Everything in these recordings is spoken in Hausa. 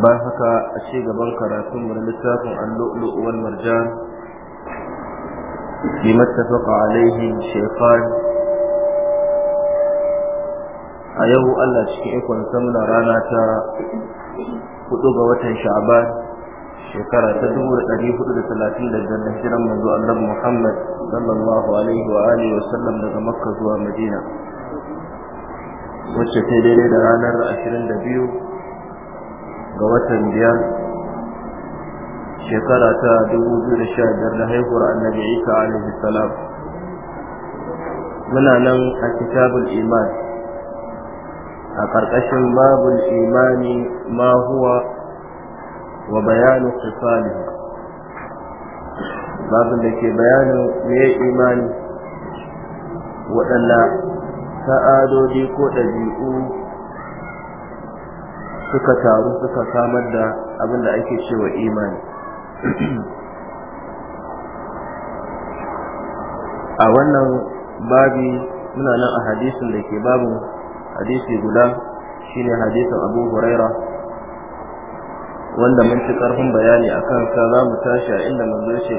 ba haka a ci gaban karatun mu na littafin al-lu'lu wal marjan bi mattafaqa alaihi shaykhan a yau Allah cikin ikon samuna rana ta hudu ga watan sha'ban shekara ta dubu da ɗari hudu da talatin da biyar da hijiran manzo annabi Muhammad sallallahu alaihi wa alihi wa sallam daga Makka zuwa Madina wacce ta daidai da ranar ashirin da biyu ga watan biyar shekara ta dubu biyu da sha biyar da haihuwar annabi isa alaihi salam muna nan a kitabul iman a ƙarƙashin babul imani ma huwa wa bayanu sifali babin da ke bayanin me imani waɗanda ta'adodi ko ɗabi'u suka taru suka samar da abin da ake cewa imani a wannan babi muna nan a hadisin da ke babin hadisi guda shine hadisin abu huraira wanda mun ci karfin bayani a kansa za mu tashi a inda manzo ce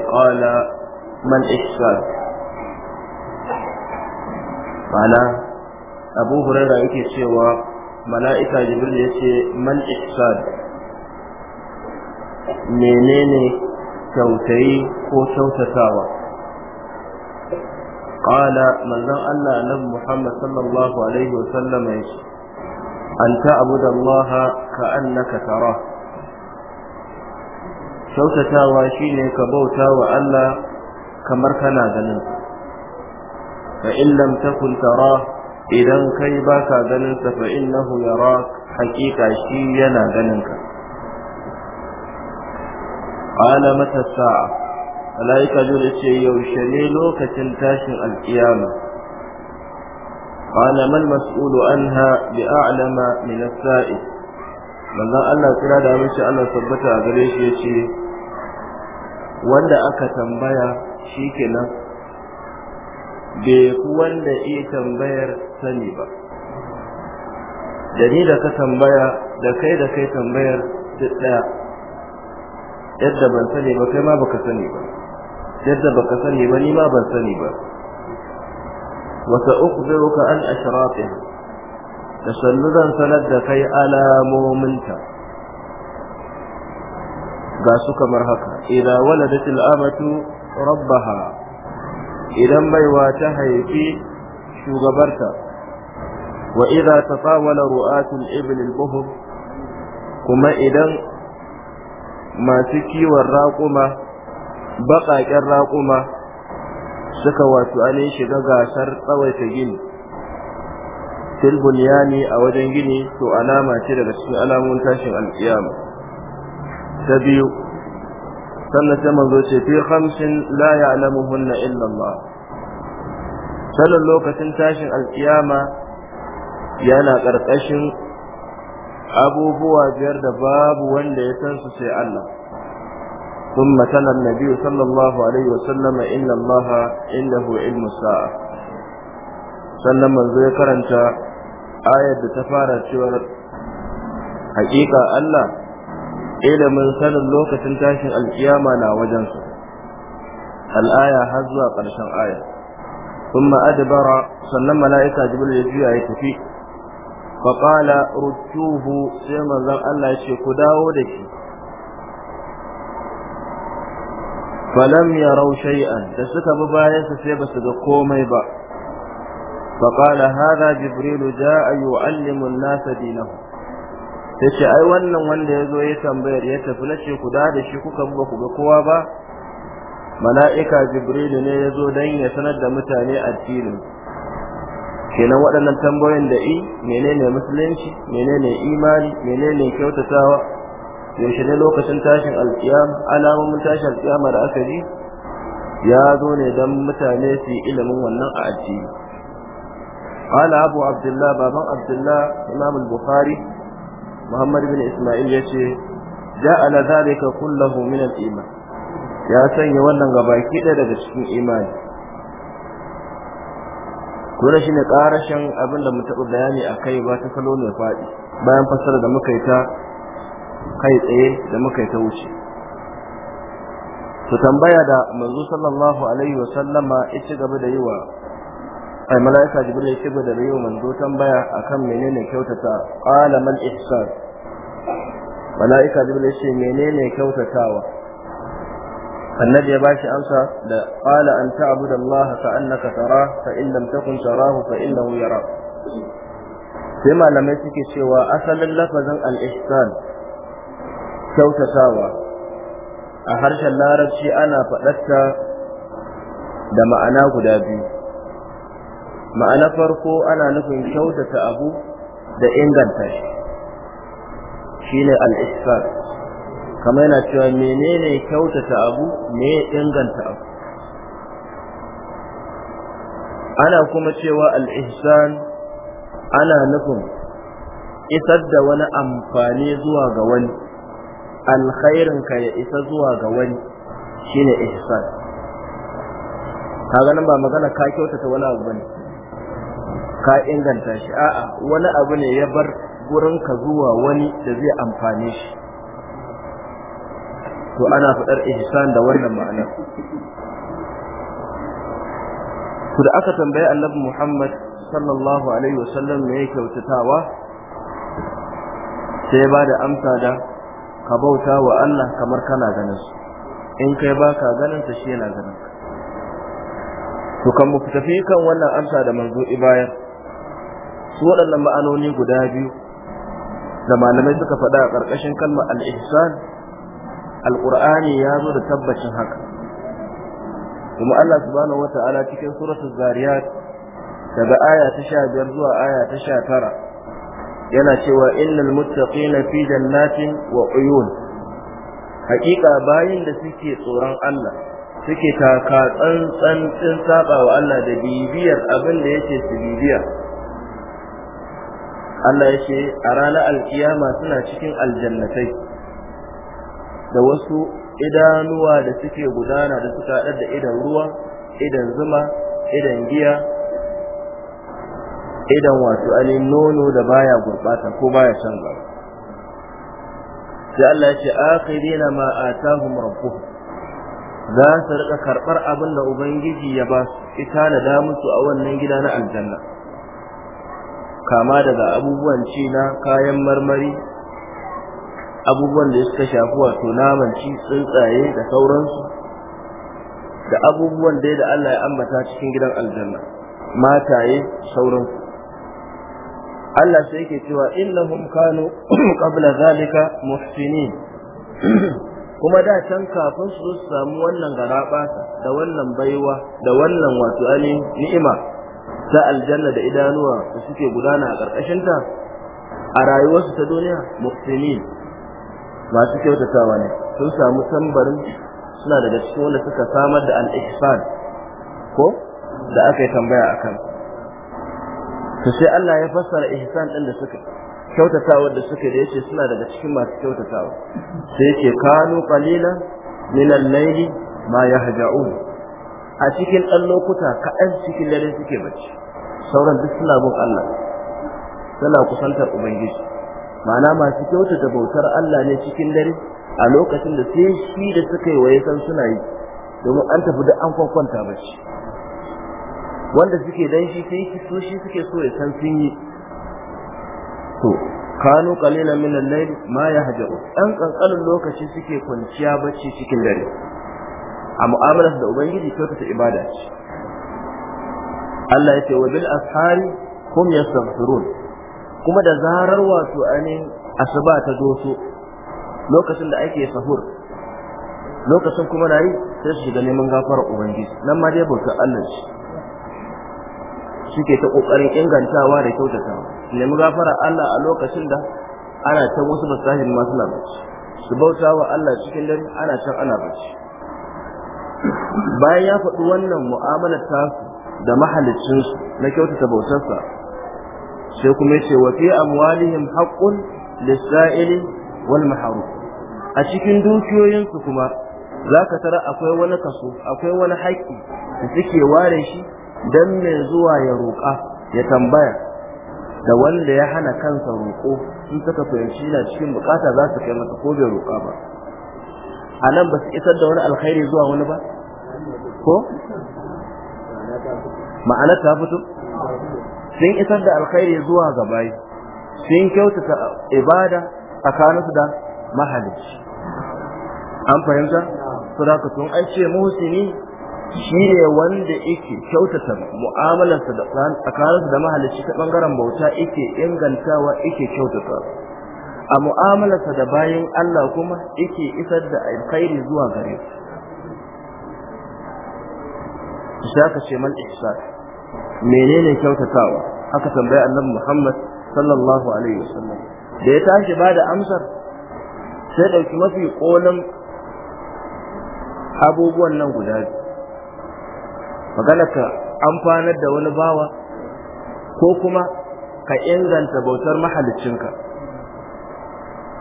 man ihsan ma'ana abu huraira yake cewa mala'ika jibril ya ce man ihsan menene kyautayi ko kyautatawa qala manzon Allah annabi Muhammad sallallahu alaihi wa ya ce an ta'budu Allah ka annaka tarah shi shine ka bauta wa Allah kamar kana ganin fa in lam takun idan kai ba ka ganin sa fa innahu yarak hakika shi yana ganin ka qala mata sa'a malaika ce yaushe ne lokacin tashin alkiyama qala mal mas'ulu anha bi a'lama min sai manzon Allah kira da mishi Allah tabbata a gare shi ce? wanda aka tambaya kenan. bai ku wanda iya tambayar sani ba da ni da ka tambaya da kai da kai tambayar duk ɗaya yadda ban sani ba kai ma baka sani ba yadda baka sani ba ni ma ban sani ba wa sa'ukhbiruka an ashratiha da sannu zan sanar da kai alamominta ga su kamar haka idan waladatil amatu rabbaha idan baiwa ta haifi shugabarta وإذا تطاول رؤاة الإبل البهم كما إذن ما تكي والراقمة بقى كالراقمة سكوات أني شقا شرطة gini. fil bunyani a wajen gini to alama ce daga cikin alamun tashin alkiyama ta sannan sai manzo ce fi khamsin la ya'lamuhunna illa Allah sannan lokacin tashin alkiyama yana ƙarƙashin abubuwa biyar da babu wanda ya san su sai Allah ثم تلا النبي صلى الله عليه وسلم إن الله عنده علم الساعة sannan manzo ya karanta ayar da ta fara cewar hakika Allah ilimin sanin lokacin tashin alkiyama na wajensa al'aya har zuwa ƙarshen aya kuma adbara sannan mala'ika jibril ya juya ya tafi faƙala rutuhu, sai manzon Allah ce ku dawo da shi falam yarau shay'an da suka bi su sai basu ga komai ba faƙala hada jibrilu ja'a yu'allimu an-nasa dinahu ce ai wannan wanda yazo ya tambayar ya tafi nace ku da da shi kuka ba ku ga kowa ba mala'ika jibrilu ne yazo dan ya sanar da mutane addinin kenan waɗannan tambayoyin da i menene musulunci menene imani menene kyautatawa yaushe ne lokacin tashin alkiyama alamomin tashin alkiyama da aka ji ya zo ne don mutane su yi ilimin wannan a addini قال أبو عبد الله بابا عبد الله إمام البخاري محمد بن إسماعيل يشي جعل ذلك كله من الإيمان ya sanya wannan gabaki ɗaya daga cikin imani kuma shi ne ƙarashin abin da mu taɓa bayani a kai ba ta salo mai faɗi bayan fassara da muka yi ta kai tsaye da muka yi ta wuce. To tambaya da manzo sallallahu alaihi wa sallama ita gaba da yi wa ai mala'ika jibril ya ci da yi wa manzo tambaya akan menene kyautata qala mal ihsan mala'ika jibril ya ce menene kyautatawa annabi ya shi amsa da qala an ta'budu allaha ka annaka tara fa takun tarahu fa innahu yara sai malamai suke cewa asalin lafazin al-ihsan kyautatawa a harshen larabci ana faɗarta da ma'ana guda biyu ma'ana farko ana nufin kyautata abu da inganta shi shine al-ihsan kamar yana cewa menene kyautata abu me inganta abu ana kuma cewa al-ihsan ana nufin isar da wani amfani zuwa ga wani alkhairin ka ya isa zuwa ga wani shine ihsan kaga nan ba magana ka kyautata wani abu bane ka inganta shi a'a wani abu ne ya bar gurin ka zuwa wani da zai amfane shi to ana fadar ihsan da wannan ma'ana to da aka tambaye annabi Muhammad sallallahu alaihi wasallam me yake kyautatawa sai ba da amsa da ka bauta wa Allah kamar kana ganin su in kai ka ganin su shi yana ganin ka to kan mu tafi kan wannan amsa da manzo ibaya su waɗannan ma'anoni guda biyu da malamai suka faɗa a ƙarƙashin kalmar al-ihsan alqur'ani ya zo da tabbacin haka kuma Allah subhanahu wata'ala cikin suratul zariyat daga aya ta 15 zuwa aya ta 19 yana cewa innal muttaqina fi jannatin wa uyun hakika bayin da suke tsoron Allah suke taka tsantsan tsin saba wa Allah da bibiyar abin da yake su bibiya Allah ya a ranar alkiyama suna cikin aljannatai da wasu idanuwa da suke gudana da suka haɗar da idan ruwa idan zuma idan giya idan wato Ali, nono da baya gurɓata ko baya canza sai Allah ya ce akhirina ma atahum rabbuhum za su rika karɓar abin da ubangiji ya ba su ita na da musu a wannan gida na aljanna kama daga abubuwan ci na kayan marmari abubuwan da suka shafi wato naman ci tsuntsaye da sauransu da abubuwan da da Allah ya ambata cikin gidan aljanna mataye sauransu Allah sai yake cewa innahum kanu qabla zalika muhsinin kuma da can kafin su samu wannan garabata da wannan baiwa da wannan wato ainihin ni'ima ta aljanna da idanuwa da suke gudana a ƙarƙashinta a rayuwarsu ta duniya muhsinin masu kyautatawa ne sun samu tambarin suna daga cikin wanda suka samar da al-ihsan ko da aka yi tambaya a kan to sai Allah ya fassara ihsan din da suka kyautatawa da suka da yace suna daga cikin masu kyautatawa sai yace kanu qalilan min al-layli ma yahja'un a cikin dan lokuta kaɗan cikin dare suke bacci sauran duk suna bin Allah suna kusantar ubangiji ma'ana masu kyautata bautar Allah ne cikin dare a lokacin da sai shi da suka yi waye san suna yi domin an tafi da an ba bacci wanda suke dan shi sai so shi suke so ya san sun yi to kanu qalilan min al-layl ma yahjaru dan kankanin lokaci suke kwanciya bacci cikin dare a mu'amalar da ubangiji kyautata ibada ce Allah ya ce wa bil ashari kum yastaghfirun kuma da zarar wato ainihin asuba ta doso lokacin da ake sahur lokacin kuma na yi sai su shiga neman gafarar ubangiji nan ma dai bautar allah shi suke ta kokarin ingantawa da Su nemi gafarar allah a lokacin da ana ta wasu masahin ma suna bacci su bauta wa allah cikin dare ana can ana bacci bayan ya faɗi wannan mu'amalar tasu da mahalicinsu na kyautata bautarsa sai kuma yace wa fi amwalihim haqqun lis-sa'ili wal mahrum a cikin dukiyoyinsu kuma zaka tara akwai wani kaso akwai wani haƙƙi da suke ware shi dan mai zuwa ya roƙa ya tambaya da wanda ya hana kansa roƙo in suka fahimci na cikin bukata za su kai masa ko bai roƙa ba a nan ba su isar da wani alkhairi zuwa wani ba ko ma'ana ta fito sun isar da alkhairi zuwa ga bayi sun kyautata ibada tsakaninsu da mahalicci an fahimta sadaka sun an ce muhsini ne wanda yake kyautata mu'amalarsa da tsakaninsa da mahalicci ta bangaren bauta yake ingantawa yake kyautata a mu'amalarsa da bayan Allah kuma yake isar da alkhairi zuwa gare su. Shaka ce mal ihsan menene kyautatawa aka tambaya annabi Muhammad sallallahu alaihi wasallam da ya tashi ba da amsar sai ɗauki mafi ƙolin abubuwan nan guda biyu magana ka amfanar da wani bawa ko kuma ka inganta bautar mahaliccinka?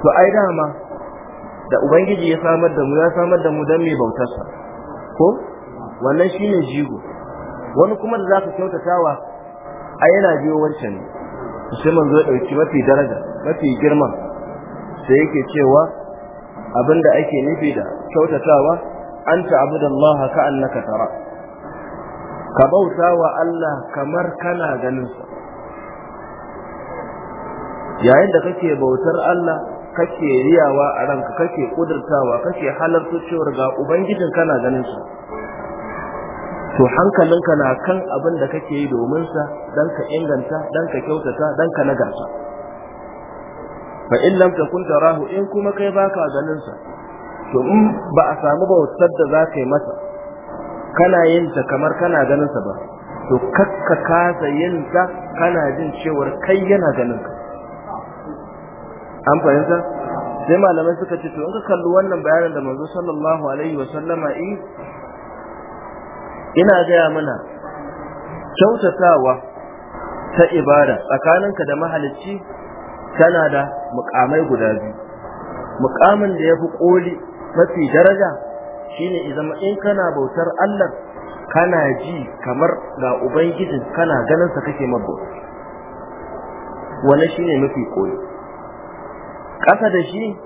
to ai dama da ubangiji ya samar da mu ya samar da mu don mai bautarsa ko wannan shine jigo wani kuma da za kyautata kyautatawa a yana biyo wancan sai manzo ya dauki mafi daraja mafi girma sai yake cewa abinda ake nufi da kyautatawa an ta'budallaha ka'annaka tara ka bauta wa Allah kamar kana ganin sa yayin da kake bautar Allah kake riyawa a ranka kake kudurtawa kake halartar cewar ga ubangijin kana ganin sa to hankalinka na kan abin da kake yi domin sa dan ka inganta dan ka kyautata dan ka nagarta fa in lam takun tarahu in kuma kai baka ganin sa to in ba a samu bautar da za ka yi masa kana yin ta kamar kana ganin sa ba to kakka kasa yin ta kana jin cewar kai yana ganin ka an fahimta sai malamai suka ce to in ka kalli wannan bayanin da manzo sallallahu alaihi wa sallama yi ina gaya mana kyautatawa ta ibada tsakaninka da mahalicci tana da mukamai guda biyu mukamin da ya fi koli mafi daraja shine izama in kana bautar Allah kana ji kamar ga ubangijin kana ganin sa kake mabauta wannan shine mafi koli ƙasa da shi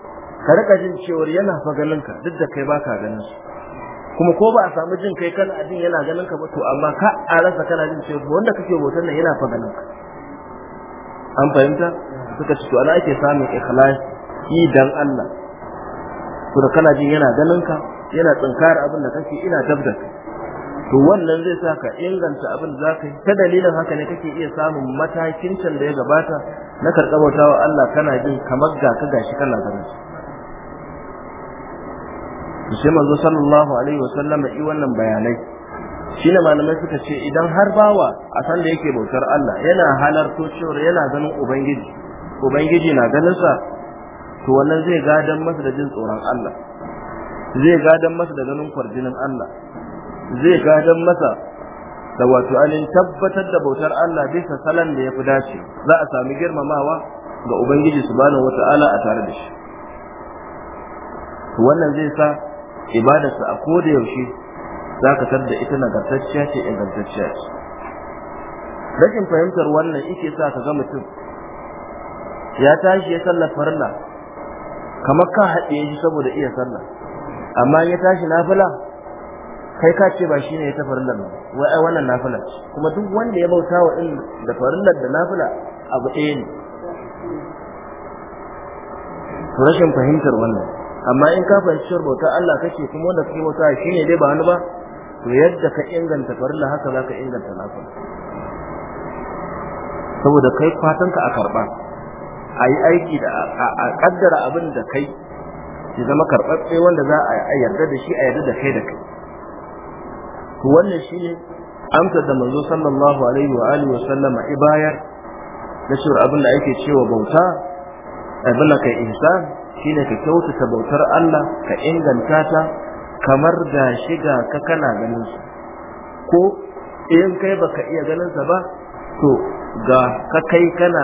ka rika jin cewar yana fa ganin duk da kai baka ganin shi kuma ko ba a samu jin kai kana abin yana ganin ka ba to amma ka a rasa kana jin cewa wanda kake hoton nan yana fa ganin ka an fahimta suka ce to ana ake samun ikhlas yi dan Allah to da kana jin yana ganin ka yana tsinkar abin da kake ina dabda to wannan zai sa ka inganta abin da zaka yi ta dalilin haka ne kake iya samun matakin can da ya gabata na karɓar wa Allah kana jin kamar ga ka gashi kana ganin shi sai manzo sallallahu alaihi wa sallama yi wannan bayanai shine malamai suka ce idan har bawa a san da yake bautar Allah yana halarto cewa yana ganin ubangiji ubangiji na ganin sa to wannan zai gadan masa da jin tsoron Allah zai gadan masa da ganin kwarjinin Allah zai gadan masa da wato alin tabbatar da bautar Allah bisa salon da ya fi dace za a sami girmamawa ga Ubangiji subhanahu wata'ala a tare da shi wannan zai sa ibadarsa a koda yaushe za ka da ita nagartacciya ce ingantacciya ce rashin fahimtar wannan ike sa ka ga mutum ya tashi ya sallar farla kamar ka haɗe shi saboda iya sallah amma ya tashi nafila kai ka ce ba shi ne ya ta farillar ba wai ai wannan nafila ce kuma duk wanda ya bauta wa in da farillar da nafila abu ɗaya ne rashin fahimtar wannan amma in ka fahimci cewar bauta Allah kake kuma wanda kake bauta shine dai ba wani ba to yadda ka inganta farilla haka za ka inganta naka saboda kai fatan ka a karba a yi aiki da a kaddara abin da kai ki zama karɓaɓɓe wanda za a yarda da shi a yarda da kai da kai to wannan shi ne amsar da manzo sallallahu alaihi wa alihi wa sallama ibaya na cewar abin da ake cewa bauta abin da kai ihsan shine ka kyautata bautar Allah ka inganta ta kamar da shiga ka kana ganin su ko in kai baka iya ganin sa ba to ga ka kai kana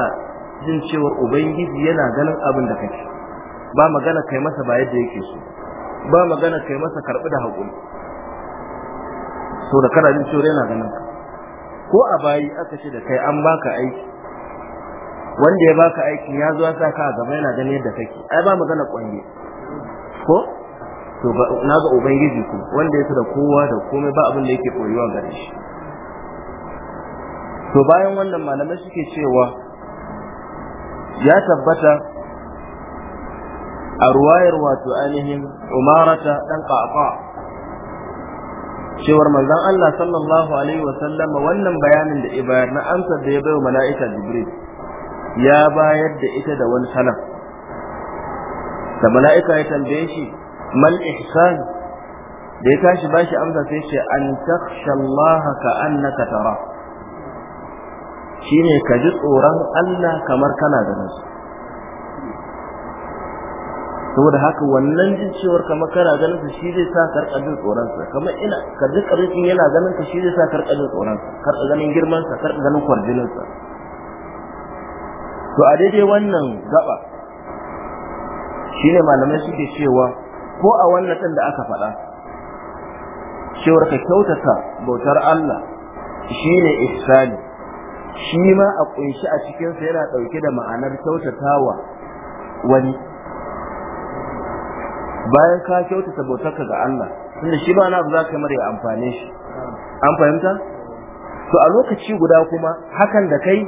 jin cewar ubangiji yana ganin abin da kake ba magana kai masa ba yadda yake so ba magana kai masa karbi da hakuri so da kana jin cewa yana ganin ka ko a bayi aka ce da kai an baka aiki wanda ya baka aikin ya zo sa ka gaba yana ganin yadda kake ai ba magana kwange ko to na ga ubangiji ku wanda ya da kowa da komai ba abin da yake koyuwa gare shi to bayan wannan malamai suke cewa ya tabbata a ruwayar wato ainihin umarata dan ƙaƙa cewar manzon Allah sallallahu alaihi wa sallama wannan bayanin da ibayar na amsar da ya bayo mala'ika Jibril ya bayar da ita da wani salam da mala'ika ya tambaye shi mal ihsan da ya tashi bashi amsa sai ce an takhsha Allah ka annaka tara shine ka ji tsoron Allah kamar kana da nasu saboda haka wannan jin cewar kamar kana ganin sa shi zai sa karɓa jin tsoron sa kamar ina ka ji yana ganin ka shi zai sa karɓa jin tsoron sa karka ganin girman sa karka ganin kwarjinin sa to a daidai wannan gaba shine malamai suke cewa ko a wannan din da aka faɗa cewar ka kyautata bautar Allah shine ihsani shi ma a kunshi a cikin yana ɗauke da ma'anar kyautatawa wani bayan ka kyautata bautarka ga Allah tunda shi ba na za ka mara amfane shi an fahimta to a lokaci guda kuma hakan da kai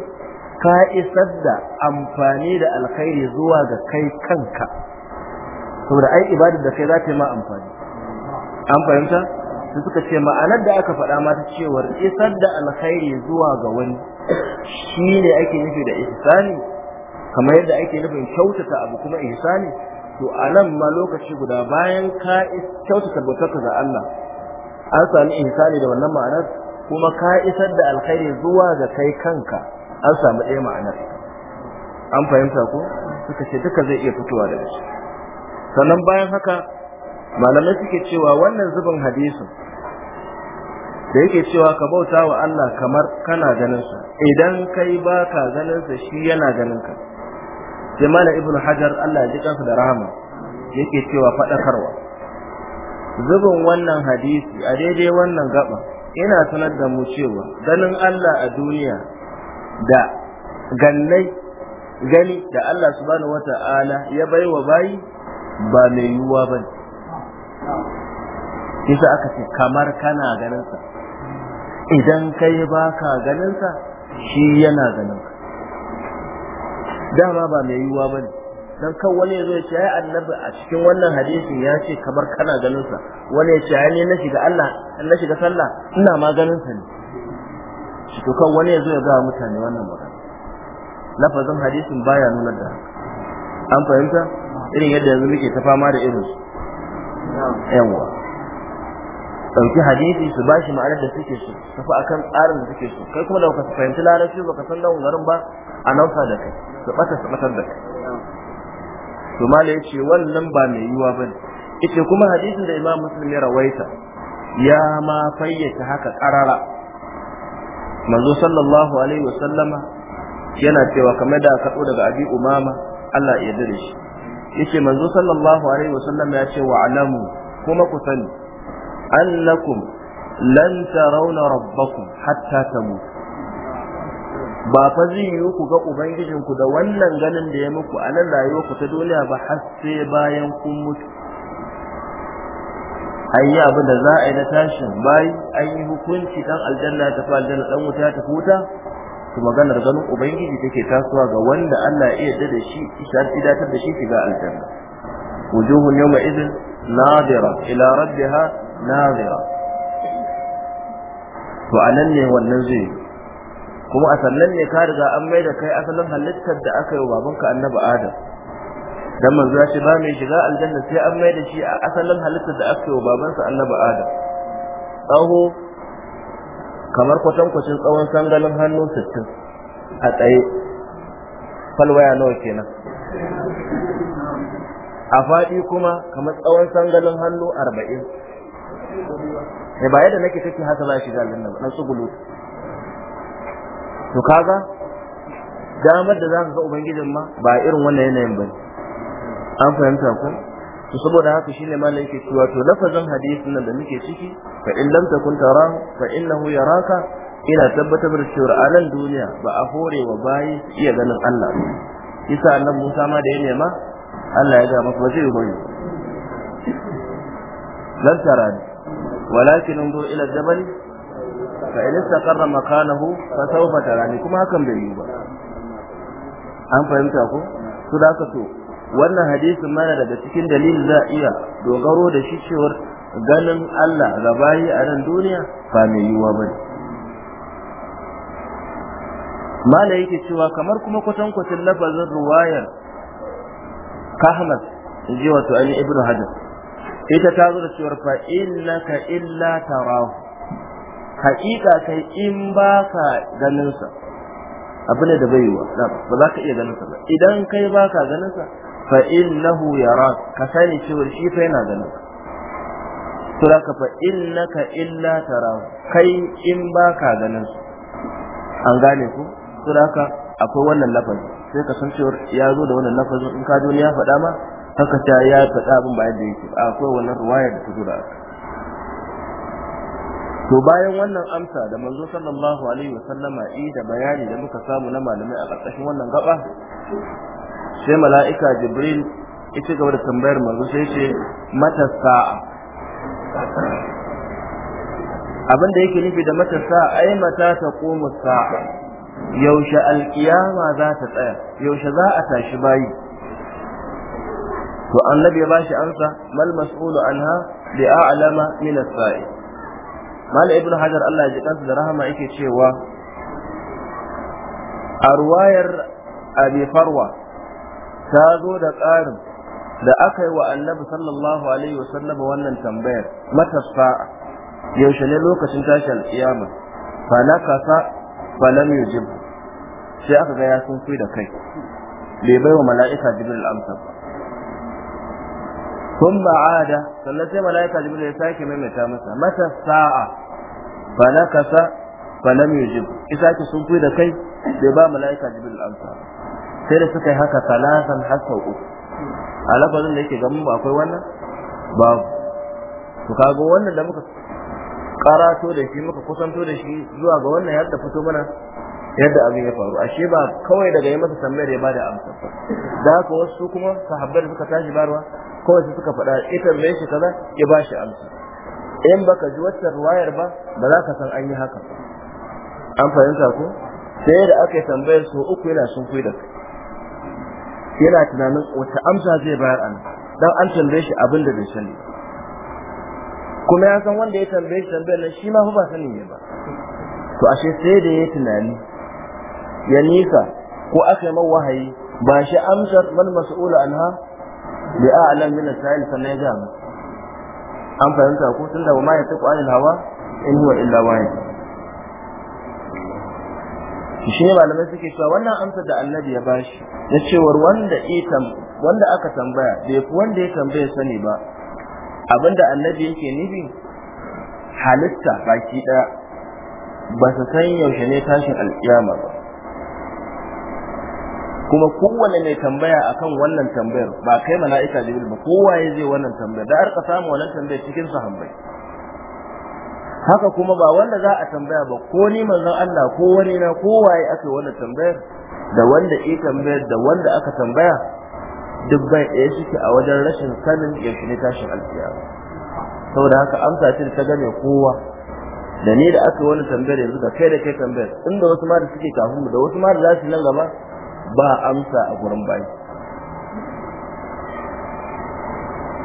ka isar da amfani da alkhairi zuwa ga kai kanka saboda ai ibadar da kai za ta yi ma amfani an fahimta su suka ce ma'anar da aka faɗa mata cewar isar da alkhairi zuwa ga wani shi ne ake nufi da ihsani kamar yadda ake nufin kyautata abu kuma ihsani to a nan ma lokaci guda bayan ka kyautata bautarka ga Allah an sami ihsani da wannan ma'anar kuma ka isar da alkhairi zuwa ga kai kanka an samu ɗaya ma'anar an fahimta ko suka ce duka zai iya fitowa da shi sannan bayan haka malamai suke cewa wannan zubin hadisin da yake cewa ka bauta wa Allah kamar kana ganin sa idan kai ba ka ganin sa shi yana ganin ka sai malam ibnu hajar Allah ya ji kansa da rahama yake cewa fadakarwa zubin wannan hadisi a daidai wannan gaba ina sanar da mu cewa ganin Allah a duniya da gannai gani da Allah subhanahu wata'ala ya bai wa bayi ba mai yiwuwa ba ne isa aka ce kamar kana ganinsa idan kai ba ka ganinsa shi yana ganinka dama ba mai yiwuwa ba ne don kan wani ya zo ya ce ya annabi a cikin wannan hadisin ya ce kamar kana ganinsa wani ya ce ya ne na shiga Allah na shiga sallah ina ma ganinsa ne to kan wani yazo ya ga mutane wannan magana lafazin hadisin baya nuna da an fahimta irin yadda yanzu muke ta fama da irin su yawa dauki hadisi su ba shi ma'anar da suke so tafi akan tsarin da suke so kai kuma da baka fahimci larabci baka san nan garin ba a nausa da kai su bata su batar da kai to ya yace wannan ba mai yiwa bane ita kuma hadisin da imam muslim ya rawaita ya ma fayyace haka karara manzo sallallahu alaihi wasallama yana cewa kamar da aka daga abi umama Allah ya dare shi yake manzo sallallahu alaihi wasallama ya ce wa alamu kuma ku sani annakum lan tarawna rabbakum hatta tamu ba fa zai yiwu ku ga ubangijinku da wannan ganin da ya muku a nan ku ta duniya ba har sai bayan kun mutu an yi abin da za a yi na tashin bai an yi hukunci dan aljanna ya tafi aljanna dan wuta ya tafi wuta to maganar ganin ubangiji take tasowa ga wanda Allah ya yarda da shi idatar da shi shiga aljanna wujuhun yawma idin nadira ila rabbiha nadira to anan ne wannan zai kuma a sannan ne ka riga an mai da kai asalin halittar da aka yi wa babanka annabi adam dan manzo ya ce ba mai shiga aljanna sai an mai da shi a asalin halittar da aka yi wa babansa annabi adam tsaho kamar kwatankwacin tsawon sangalin hannu sittin a tsaye falwaya nawa kenan a faɗi kuma kamar tsawon sangalin hannu arba'in ne eh, ba yadda nake take haka za shiga aljanna ba dan tsugulu to kaga damar da za ka ga ubangijin ma ba irin wannan yanayin ba. an fahimta ko to saboda haka shine malam yake cewa to lafazin hadisin nan da muke ciki fa in lam takun tara fa innahu yaraka ina tabbatar da cewa a nan duniya ba a hore wa bayi iya ganin Allah isa annabi Musa ma da ya nema Allah ya ga masa ba zai yi lan tara walakin unzur ila jabal fa in istaqarra makanahu fa sawfa tarani kuma hakan bai yi ba an fahimta ko to da haka to wannan hadisin mana daga cikin dalil za iya dogaro da shi cewar ganin Allah ga bayi a nan duniya ba mai yiwuwa ba ne mala yake cewa kamar kuma kwatan lafazin ruwayar kahmas in ji wato ali ibn hajar ita ta zo da cewar fa ka illa tarahu kai in ba ka ganinsa abu ne da bai yiwuwa. ba za ka iya ganinsa ba idan kai ba ka ganinsa fa innahu yara ka sani cewa shi fa yana ganin to ka fa innaka illa tara kai in baka ganin an gane ku to ka akwai wannan lafazi sai ka san cewa ya zo da wannan lafazin in ka ji ya faɗa ma haka ta ya faɗa abin ba yadda yake akwai wannan ruwaya da ta zo da to bayan wannan amsa da manzo sallallahu alaihi wasallama yi da bayani da muka samu na malamai a ƙarƙashin wannan gaba sai mala'ika jibril ya gaba da tambayar manzo sai ce mata sa'a abin da yake nufi da mata sa'a ai mata ta komu sa'a yaushe alkiyama za ta tsaya yaushe za a tashi bayi to annabi ya bashi amsa mal mas'ulu anha bi a'lama min as-sa'i mala ibnu hajar Allah ya ji kansa da rahama yake cewa a ruwayar abi farwa ta zo da ƙarin da aka yi wa annabi sallallahu alaihi wasallam wannan tambayar matasa'a yaushe ne lokacin tashin alƙiyama fa nakasa fa lam yujib sai aka ga ya sun fi da kai bai bai wa mala'ika jibril amsa ba ثم عاد sannan sai mala'ika jibril ya sake maimaita masa mata sa'a fa nakasa fa lam yujib isa ki sun fi da kai bai ba mala'ika jibril amsa ba sai da suka yi haka talatan har uku a labarin da yake gamu ba akwai wannan babu to kaga wannan da muka karato da shi muka kusanto da shi zuwa ga wannan yadda fito mana yadda abin ya faru ashe ba kawai daga yi masa tambayar ya bada amsa ba da haka wasu kuma sahabbai suka tashi barwa kawai su suka faɗa ita mai shi kaza ya ba shi amsa in baka ji wata ruwayar ba ba za ka san an yi haka an fahimta ko sai da aka yi tambayar su uku yana sun kuyi da kai yana tunanin wata amsa zai bayar an dan an tambaye shi abinda da bai sani kuma ya san wanda ya tambaye shi tambayar nan shi ma fa ba sani ne ba to ashe sai da ya tunani ya nisa ko aka yi wahayi ba shi amsar man mas'ula anha bi a'lam min as-sa'il sannan ya ga an fahimta ko tunda ma ya taqwa hawa in huwa illa wahid shi ne malamai suke cewa wannan amsar da annabi ya bashi na cewar wanda wanda aka tambaya bai fi wanda ya tambaya sani ba abinda annabi yake nufi halitta baki ɗaya ba su san yaushe ne tashin alkiyama ba kuma kowane mai tambaya akan wannan tambayar ba kai mala'ika jibril ba kowa ya zai wannan tambayar da arka samu wannan tambayar cikin sahabbai haka kuma ba wanda za a tambaya ba ko ni manzon Allah ko wani na ko waye aka wannan tambayar da wanda ke tambayar da wanda aka tambaya duk bai ɗaya suke a wajen rashin sanin yaushe ne tashin alkiyama saboda haka amsa ce ta game kowa da ni da aka wani tambayar yanzu da kai da kai tambayar inda wasu ma da suke kafin mu da wasu ma da za su nan gaba ba amsa a gurin bai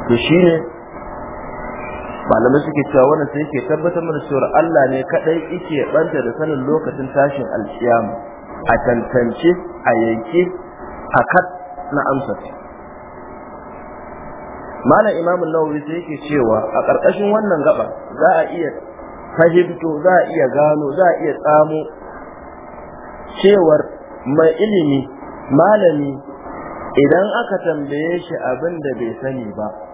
to shine malamai suke cewa wannan sai yake tabbatar mana cewa Allah ne kadai yake banta da sanin lokacin tashin alkiyama a tantance a yanke a kat na amsa malam Imam Nawawi sai yake cewa a karkashin wannan gaba za a iya fahimto za a iya gano za a iya tsamo cewar mai ilimi malami idan aka tambaye shi abin da bai sani ba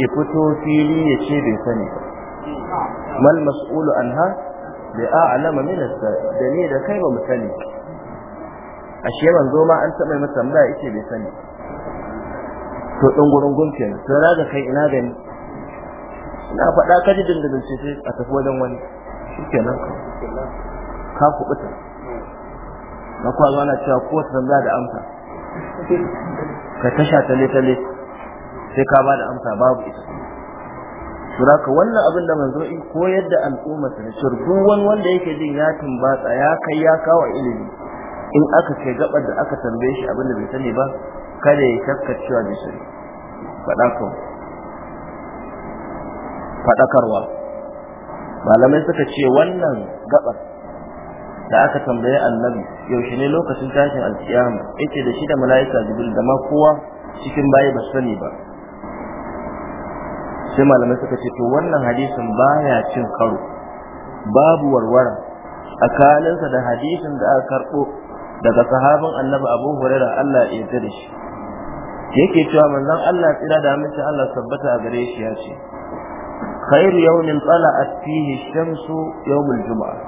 ya fito fili ya ce bai sani mal mas'ulu anha bi a'lama min da ni da kai ba mu sani ashe zo ma an taba masa tambaya yake bai sani to ɗan gurin gunke to na ga kai ina gani na faɗa ka ji dindindin ce a tafi wajen wani shikenan ka kubuta na kwa zuwa na cewa ko tambaya da amsa ka tasha tale tale sai ka ba da amsa babu ita suraka wannan abin da manzo in koyar da al'umma ta shir duk wani wanda yake jin ya tumbatsa ya kai ya kawo ilimi in aka kai gabar da aka tambaye shi abin da bai sani ba kada ya shakka cewa bai sani faɗa faɗakarwa malamai suka ce wannan gabar da aka tambaye annabi yaushe ne lokacin tashin alkiyama Yake da shi da mala'ika jibril da ma kowa cikin bayi ba sani ba sai malamai suka ce to wannan hadisin baya cin karo babu warwara akaninsa da hadisin da aka karɓo daga sahabin annabi abu huraira allah ya yarda da shi yake cewa manzon allah tsira da mace allah tabbata a gare shi ya ce khairu yawmin tala'at fihi shamsu yawmul juma'a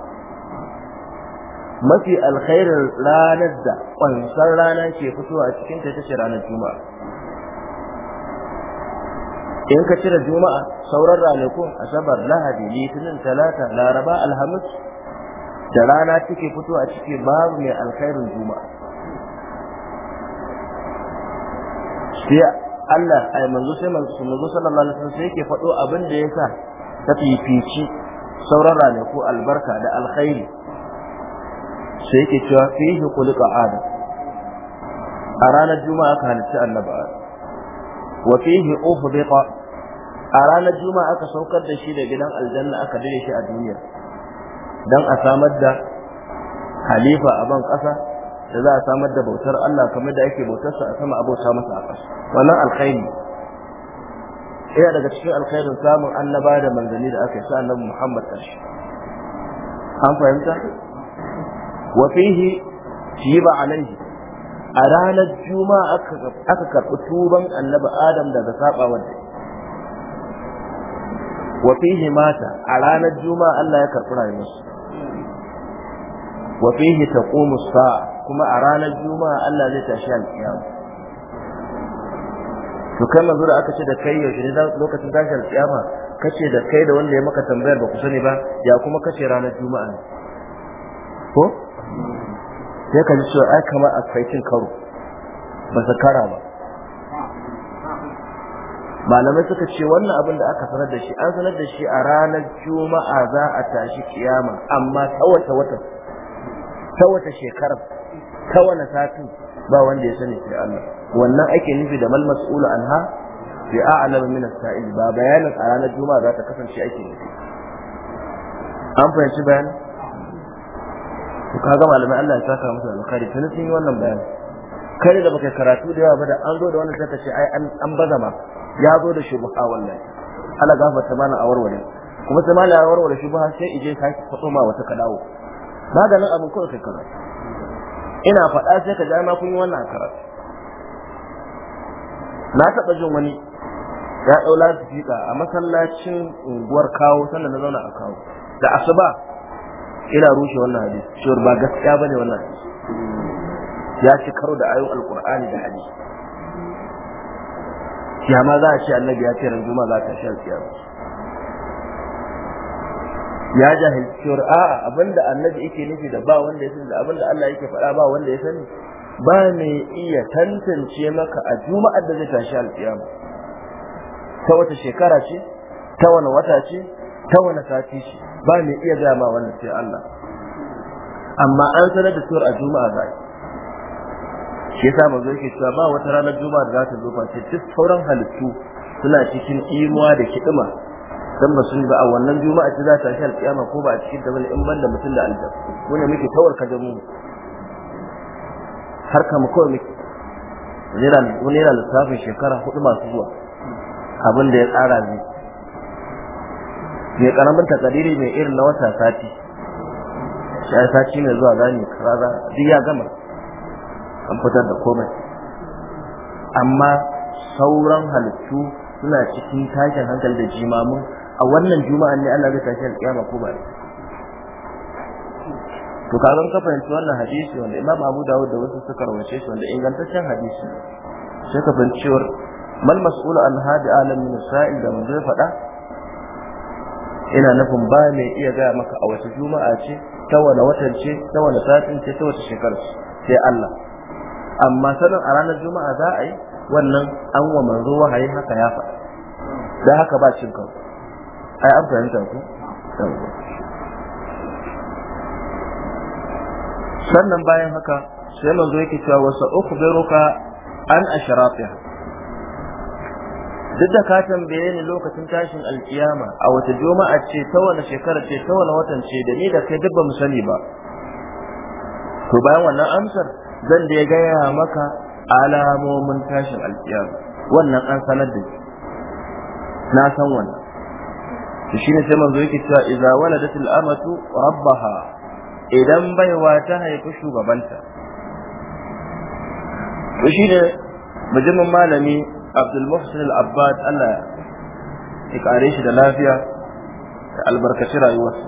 mafi alkhairin ranar da kwansar rana ke fitowa a cikin ta tace ranar juma'a in ka cire juma'a sauran ranaku asabar lahadi litinin talata laraba alhamis da rana take fito a cikin babu mai alkhairin juma'a sai Allah ai manzo sai manzo sallallahu alaihi wasallam sai yake faɗo abin da yasa ta fifici sauran ranaku albarka da alkhairi sai yake cewa fihi kulqa adam a ranar juma'a ka halitta annabawa wa fihi uhbita a ranar juma'a aka saukar da shi da gidan aljanna aka dare shi a duniya dan a samar da halifa a ban kasa da za a samar da bautar Allah kamar da ake bautarsa a sama abota masa a ƙasa wannan alkhairi yana daga cikin alkhairin samun annaba da manzanni da aka yi sa annabi Muhammad karshe an fahimta a ranar juma'a aka karɓi tuban annabi adam daga saba wanda Wafihi mata a ranar juma'a Allah ya karɓi rayuwarsa wa fihi taqumu sa'a kuma a ranar juma'a Allah zai tashi alƙiyama to kan manzo da aka ce da kai yaushe ne lokacin tashin alƙiyama kace da kai da wanda ya maka tambayar ba ku sani ba ya kuma kace ranar juma'a ne, ko Ka ji cewa ai kamar akwai cin karo ba su kara ba malamai suka ce wannan abin da aka sanar da shi an sanar da shi a ranar juma'a za a tashi kiyama amma ta wata wata ta wata shekarar ta wani satin ba wanda ya sani sai Allah wannan ake nufi da mal mas'ulu anha bi a'lam min as-sa'il ba bayanin a ranar juma'a za ta kasance ake nufi an fahimci bayanin to kaga malamai Allah ya saka musu alkhairi tun sun yi wannan bayani kai da baka karatu da yawa ba da an zo da wannan sai ce ai an baza ma ya zo da shubha wallahi Allah gafarta mana a warware kuma sai malam ya warware shubha sai ije ka fito ma wata daga nan abin kawai kai karatu ina faɗa sai ka ji ma kun yi wannan karatu na taɓa jin wani ya ɗau lasifika a masallacin unguwar kawo sannan na zauna a kawo da asuba ina rushe wannan hadisi cewar ba gaskiya bane wannan ya ci karo da ayoyin alqur'ani da hadisi ya ma za a ce annabi ya ce ran juma'a za ta shi alƙiyama ya jahilci cewar a'a abinda annabi yake nufi da ba wanda ya sani da abinda Allah yake faɗa ba wanda ya sani ba ne iya tantance maka a juma'ar da zai tashi alƙiyama ta wata shekara ce ta wani wata ce ta wani sati shi ba mai iya gaya ma wannan sai Allah amma an sanar da cewar a juma'a za shi yasa manzo yake cewa ba wata ranar juma'a da za ta zo ce duk sauran halittu suna cikin imuwa da kiɗima dan ba sun ba a wannan juma'a ce za ta shi alƙiyama ko ba a cikin da bane in banda mutum da aljab wani muke tawarka ka mu har kama kawai muke wani yana lissafin shekara hudu masu zuwa abin da ya tsara zai mai karamin takadiri mai irin na wata sati shi ai sati mai zuwa zani kaza duk ya gama an fitar da komai amma sauran halittu suna cikin tashin hankali da jimamin a wannan juma'an ne Allah zai tashi alƙiyama ko ba to ka zan fahimci wannan hadisi wanda Imam Abu Dawud da wasu suka rawace shi wanda ingantaccen hadisi sai ka fahimci mal mas'ulu an hadi alam min sa'il da mun faɗa ina nufin ba mai iya gaya maka a wace juma'a ce ta wani watan ce ta wani satin ce ta wace shekaru ce sai Allah amma sanin a ranar juma'a za a yi wannan an wa manzo wahayi haka ya faɗa da haka ba cin kan ai an fahimta ku sannan bayan haka sai manzo yake cewa wasa ukhbiruka an ashratiha duk da ka tambaye ni lokacin tashin alkiyama a wata juma'a ce ta wani shekara ce ta wani watan ce da ni da kai duk ba mu sani ba to bayan wannan amsar zan da ya gaya maka alamomin tashin alkiyama wannan an sanar da shi na san wannan to shine sai manzo yake cewa idza waladat al-amatu rabbaha idan baiwa ta haifi shugabanta to shine mujimin malami abdul al-abbad Allah ya kare shi da lafiya da albarkaci rayuwarsa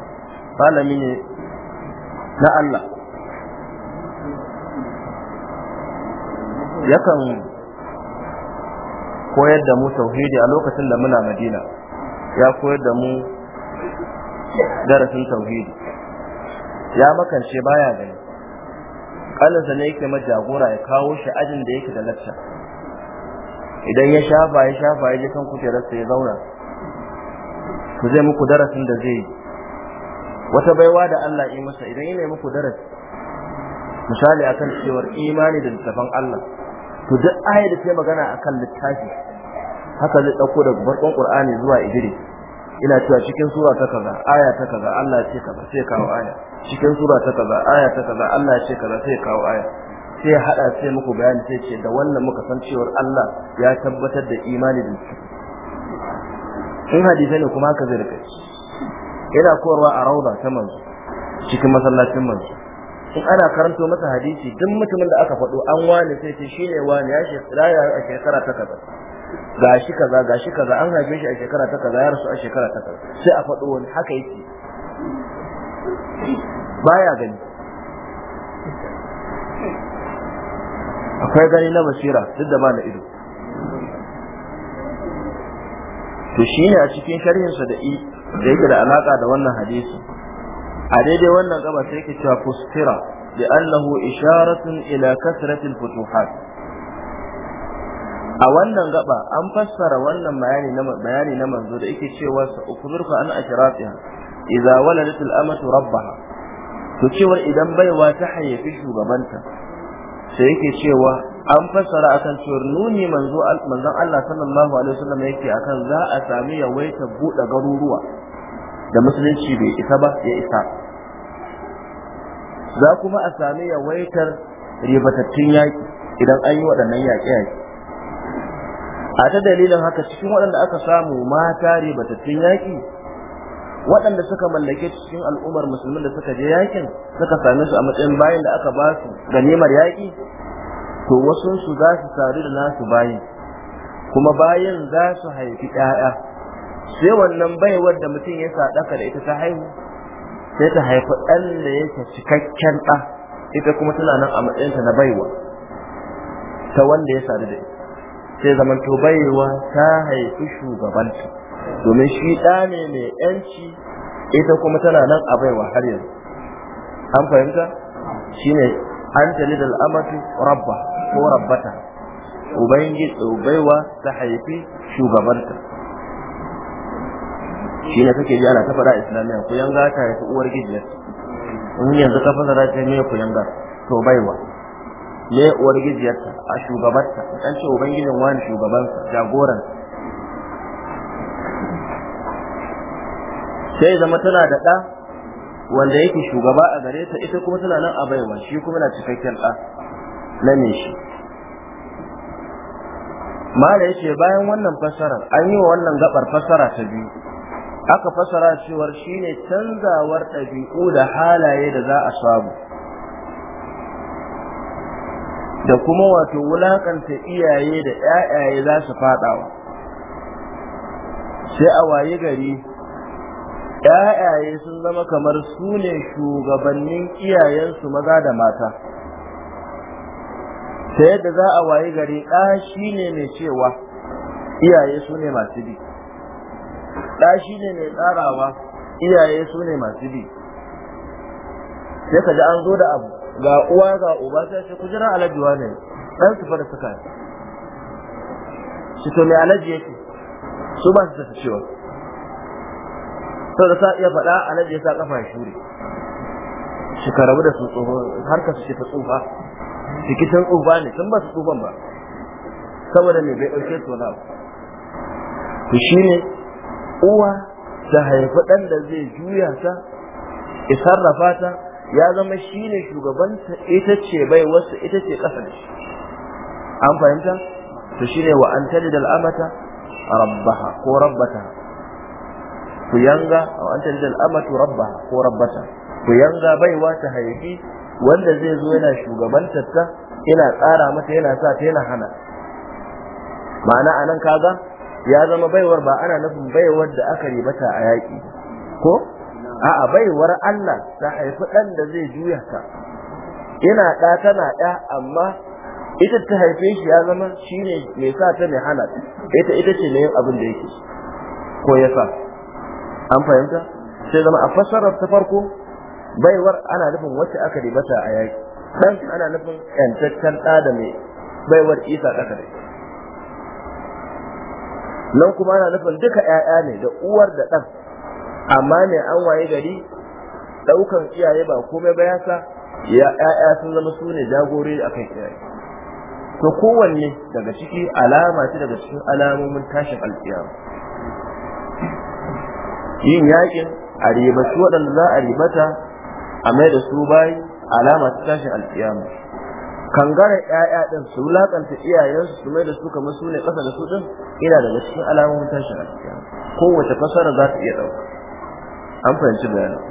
malami ne na Allah yakan koyar da mu tauhidi a lokacin da muna madina ya koyar da mu darasin tauhidi ya makance baya gani kalinsa ne yake majagora ya kawo shi ajin da yake da lacca idan ya shafa ya shafa ya jikan kujerarsa ya zauna ku zai muku darasin da zai yi wata baiwa da Allah yi masa idan yana muku darasi misali akan cewar imani da littafan Allah to duk ayar da ke magana akan littafi haka zai dauko daga farkon Qur'ani zuwa Ibri ina cewa cikin sura ta kaza aya ta kaza Allah ya ce kaza sai kawo aya cikin sura ta kaza aya ta kaza Allah ya ce kaza sai kawo aya sai ya hada sai muku bayani sai ce da wannan muka san cewar Allah ya tabbatar da imani da in hadisai ne kuma haka zai rika ina korwa a rauda ta manzo cikin masallacin manzo in ana karanto masa hadisi duk mutumin da aka faɗo an wani sai ce shine wani ya shekara ya a shekara ta kaza Ga shi kaza ga shi kaza an haife shi a shekara ta kaza ya rasu a shekara ta kaza sai a faɗo wani haka yake baya gani akwai gani na basira duk da ba na ido to shi ne a cikin sharhinsa da i da yake da alaka da wannan hadisi a daidai wannan gaba sai ke cewa fustira bi annahu isharatun ila kasratil futuhat a wannan gaba an fassara wannan bayani na bayani na manzo da yake cewa sa ukmirka an ashrafiha idza waladat al amatu rabbaha to cewar idan baiwa ta hayyafi shugabanta sai yake cewa an fassara akan cewa nuni manzo manzon Allah sallallahu alaihi wasallam yake akan za a sami yawaita bude garuruwa da musulunci bai isa ba ya isa za kuma a sami yawaitar ribatattun yaƙi idan an yi waɗannan yaƙe yaƙi a ta dalilin haka cikin waɗanda aka samu mata ribatattun yaƙi waɗanda suka mallake cikin al'ummar musulmin da suka je yakin suka same su a matsayin bayan da aka ba su ganimar yaƙi to wasu su za su sadu da nasu bayin kuma bayin za su haifi ƴaƴa sai wannan baiwar da mutum ya sadaka da ita ta haihu sai ta haifi ɗan da yake cikakken ɗa ita kuma tana nan a matsayinta na baiwa ta wanda ya sadu da ita sai zamanto baiwa ta haifi shugabanta domin shi ɗa ne mai yanci ita kuma tana nan a baiwa har yanzu an fahimta shine an da al'amatu rabba ko rabbata ubangiji baiwa ta haifi shugabanta shi ne kake ji ana ta fara islamiyya ku yanga ta haifi uwar gijiyar in yanzu ka fasara ta ne ku yanga to baiwa me uwar gijiyarta a shugabanta? an ce ubangijin wani shugabansa jagoran. sai zama tana da ɗa wanda yake shugaba a gare ta ita kuma tana nan a baiwa shi kuma na cikakken ɗa na ne shi mala ce bayan wannan fasara, an yi wannan gabar fasara ta biyu aka fasara cewar shine canzawar ɗabi'u da halaye da za a samu da kuma wato wulakanta iyaye da ƴaƴaye za su faɗawa sai a waye gari ‘ya'yaye sun zama kamar su ne shugabannin iyayensu maza da mata, sai yadda za a wayi gari ɗa shi ne mai cewa iyaye su ne masu bi, ɗa shi ne mai tsarawa iyaye su ne masu bi, sai ka ji an zo da abu ga uwa ga uba sai shi kujerar alajuwa ne ɗan su fara suka shi to mai alaji yake su ba su tafi cewa sau da sa iya faɗa alhaji ya sa kafa ya shure shi karabu da su tsoho har ka su ce ta tsufa rikitan tsufa ne sun ba su tsufan ba saboda ne bai ɗauke su na to shi ne uwa ta haifi ɗan da zai juya ta ya sarrafa ta ya zama shi ne shugabanta ita ce bai wasu ita ce ƙasa da shi an fahimta to shi ne wa an tali da al'amata rabbaha ko rabbata ku yanga aw wancan tajidal amatu rabba ko rabbata ku yanga baiwa ta haifi wanda zai zo yana shugabantar ta yana tsara mata yana sa ta yana hana ma'ana anan kaga ya zama baiwar ba ana nufin baiwar da aka yi mata a yaƙi ko a'a baiwar Allah ta haifi ɗan da zai juya ta yana ɗa tana ɗa amma ita ta haife shi ya zama shine mai sa ta mai hana ita ita ce mai yin abin da yake ko ya sa an fahimta sai zama a fasarar ta farko baiwar ana nufin wacce aka ribata a yaki dan ana nufin yantaccen ɗa da mai baiwar isa ɗaka da nan kuma ana nufin duka ‘ya'ya ne da uwar da ɗan amma ne an waye gari ɗaukan iyaye ba komai ba yasa ‘ya'ya sun zama su ne jagori a kan iyaye to kowanne daga ciki alama ce daga cikin alamomin tashin alƙiyama yin yakin a ribaci waɗanda za a ribata a mai da su bayi alama ta tashin alƙiyama. kangare ƴaƴa ɗin su wulakanta iyayensu su mai da su kamar su ne ƙasa da su ɗin, ina daga cikin alamomin tashin alƙiyama. kowace fasara za ta iya ɗauka an fahimci bayanin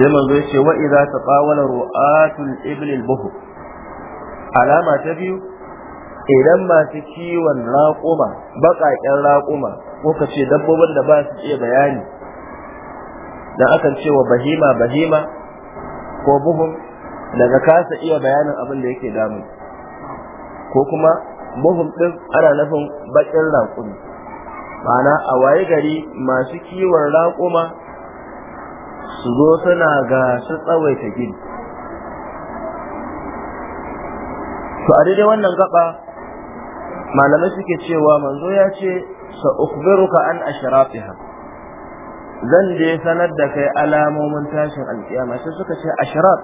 sai manzo ya ce wa'iza ta taqawala ru'atun ibilin buhu alama ta biyu idan masu kiwon raƙuma baƙaƙen raƙuma ka ce dabbobin da ba su iya bayani dan akan wa bahima bahima ko buhun, daga kasa iya bayanin abin da yake damu ko kuma buhun ɗin ana nufin baƙin raƙumi ma'ana a waye gari masu kiwon raƙuma su zo suna ga su tsawaita gini to a daidai wannan gaba malamai suke cewa manzo ya ce sa ukhbiruka an ashrafiha zan je sanar da kai alamomin tashin alkiyama sai suka ce ashraf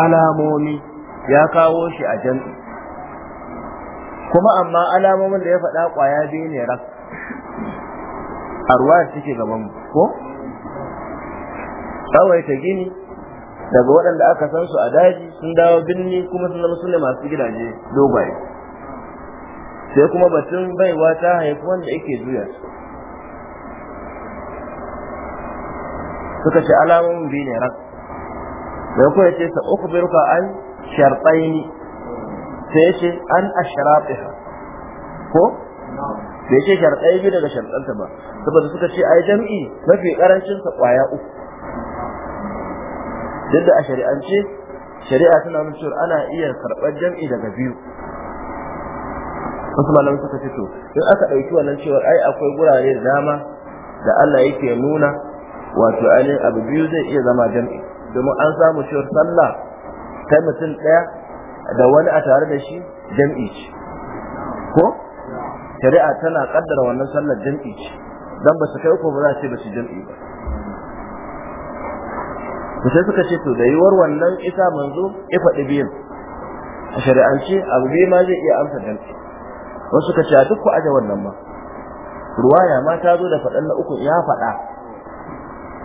alamomi ya kawo shi a jan kuma amma alamomin da ya faɗa ƙwaya biyu ne rak a ruwa suke gaban ko ta gini daga waɗanda aka san su a daji sun dawo birni kuma sun zama sune masu gidaje dogaye sai kuma batun baiwa ta haifi wanda yake juya suka ce alamun biyu ne rak Daga kuma ce sa uku birka an sharɓaini sai ya ce an ashrafiha ko bai ce sharɗai biyu daga sharɗanta ba saboda suka ce ai jam'i mafi ƙarancinsa ƙwaya uku duk da a shari'ance shari'a tana nuna cewa ana iya karɓar jam'i daga biyu wasu malamai suka ce to in aka ɗauki wannan cewa ai akwai gurare da dama da Allah yake nuna wato ainihin abu biyu zai iya zama jam'i domin an samu cewa sallah ta mutum ɗaya da wani a tare da shi jam'i ce ko shari'a tana kaddara wannan sallar jam'i ce dan ba su kai ko ba za su ce ba su jam'i ba ku sai suka ce to da yiwuwar wannan isa manzo ya faɗi biyan a shari'ance abu bai ma zai iya amsa dan wasu suka ce a duk ku aje wannan ma ruwaya ma ta zo da faɗan na uku ya faɗa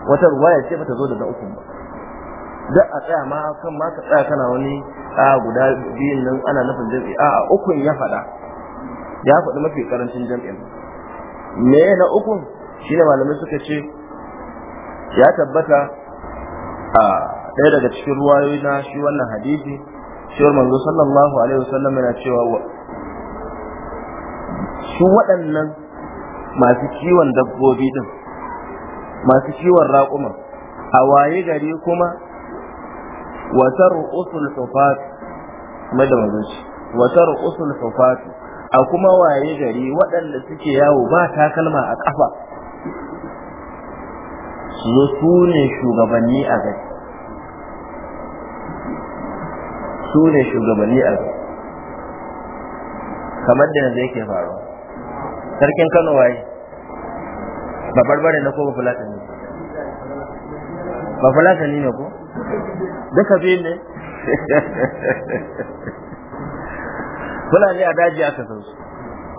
wata ruwaya ce bata zo da na uku ba da a tsaya ma kan ma ka tsaya kana wani a guda biyun nan ana nufin jam'i a ukun ya fada ya faɗi mafi karancin jam'in me na ukun shine malamai suka ce ya tabbata a ɗaya daga cikin ruwayoyi na shi wannan hadisi cewar manzo sallallahu alaihi wasallam yana cewa su waɗannan masu kiwon dabbobi din masu kiwon raƙuma a waye gari kuma watar usul hufat kuma da manzo shi watar usul hufat a kuma waye gari waɗanda suke yawo ba takalma a ƙafa su zo su ne shugabanni a gari su ne shugabanni a gari kamar da yanzu yake faru. sarkin kano waye ba barbare na ko ba ne ba fulatani ne ko duka biyu ne fulani a daji aka sauce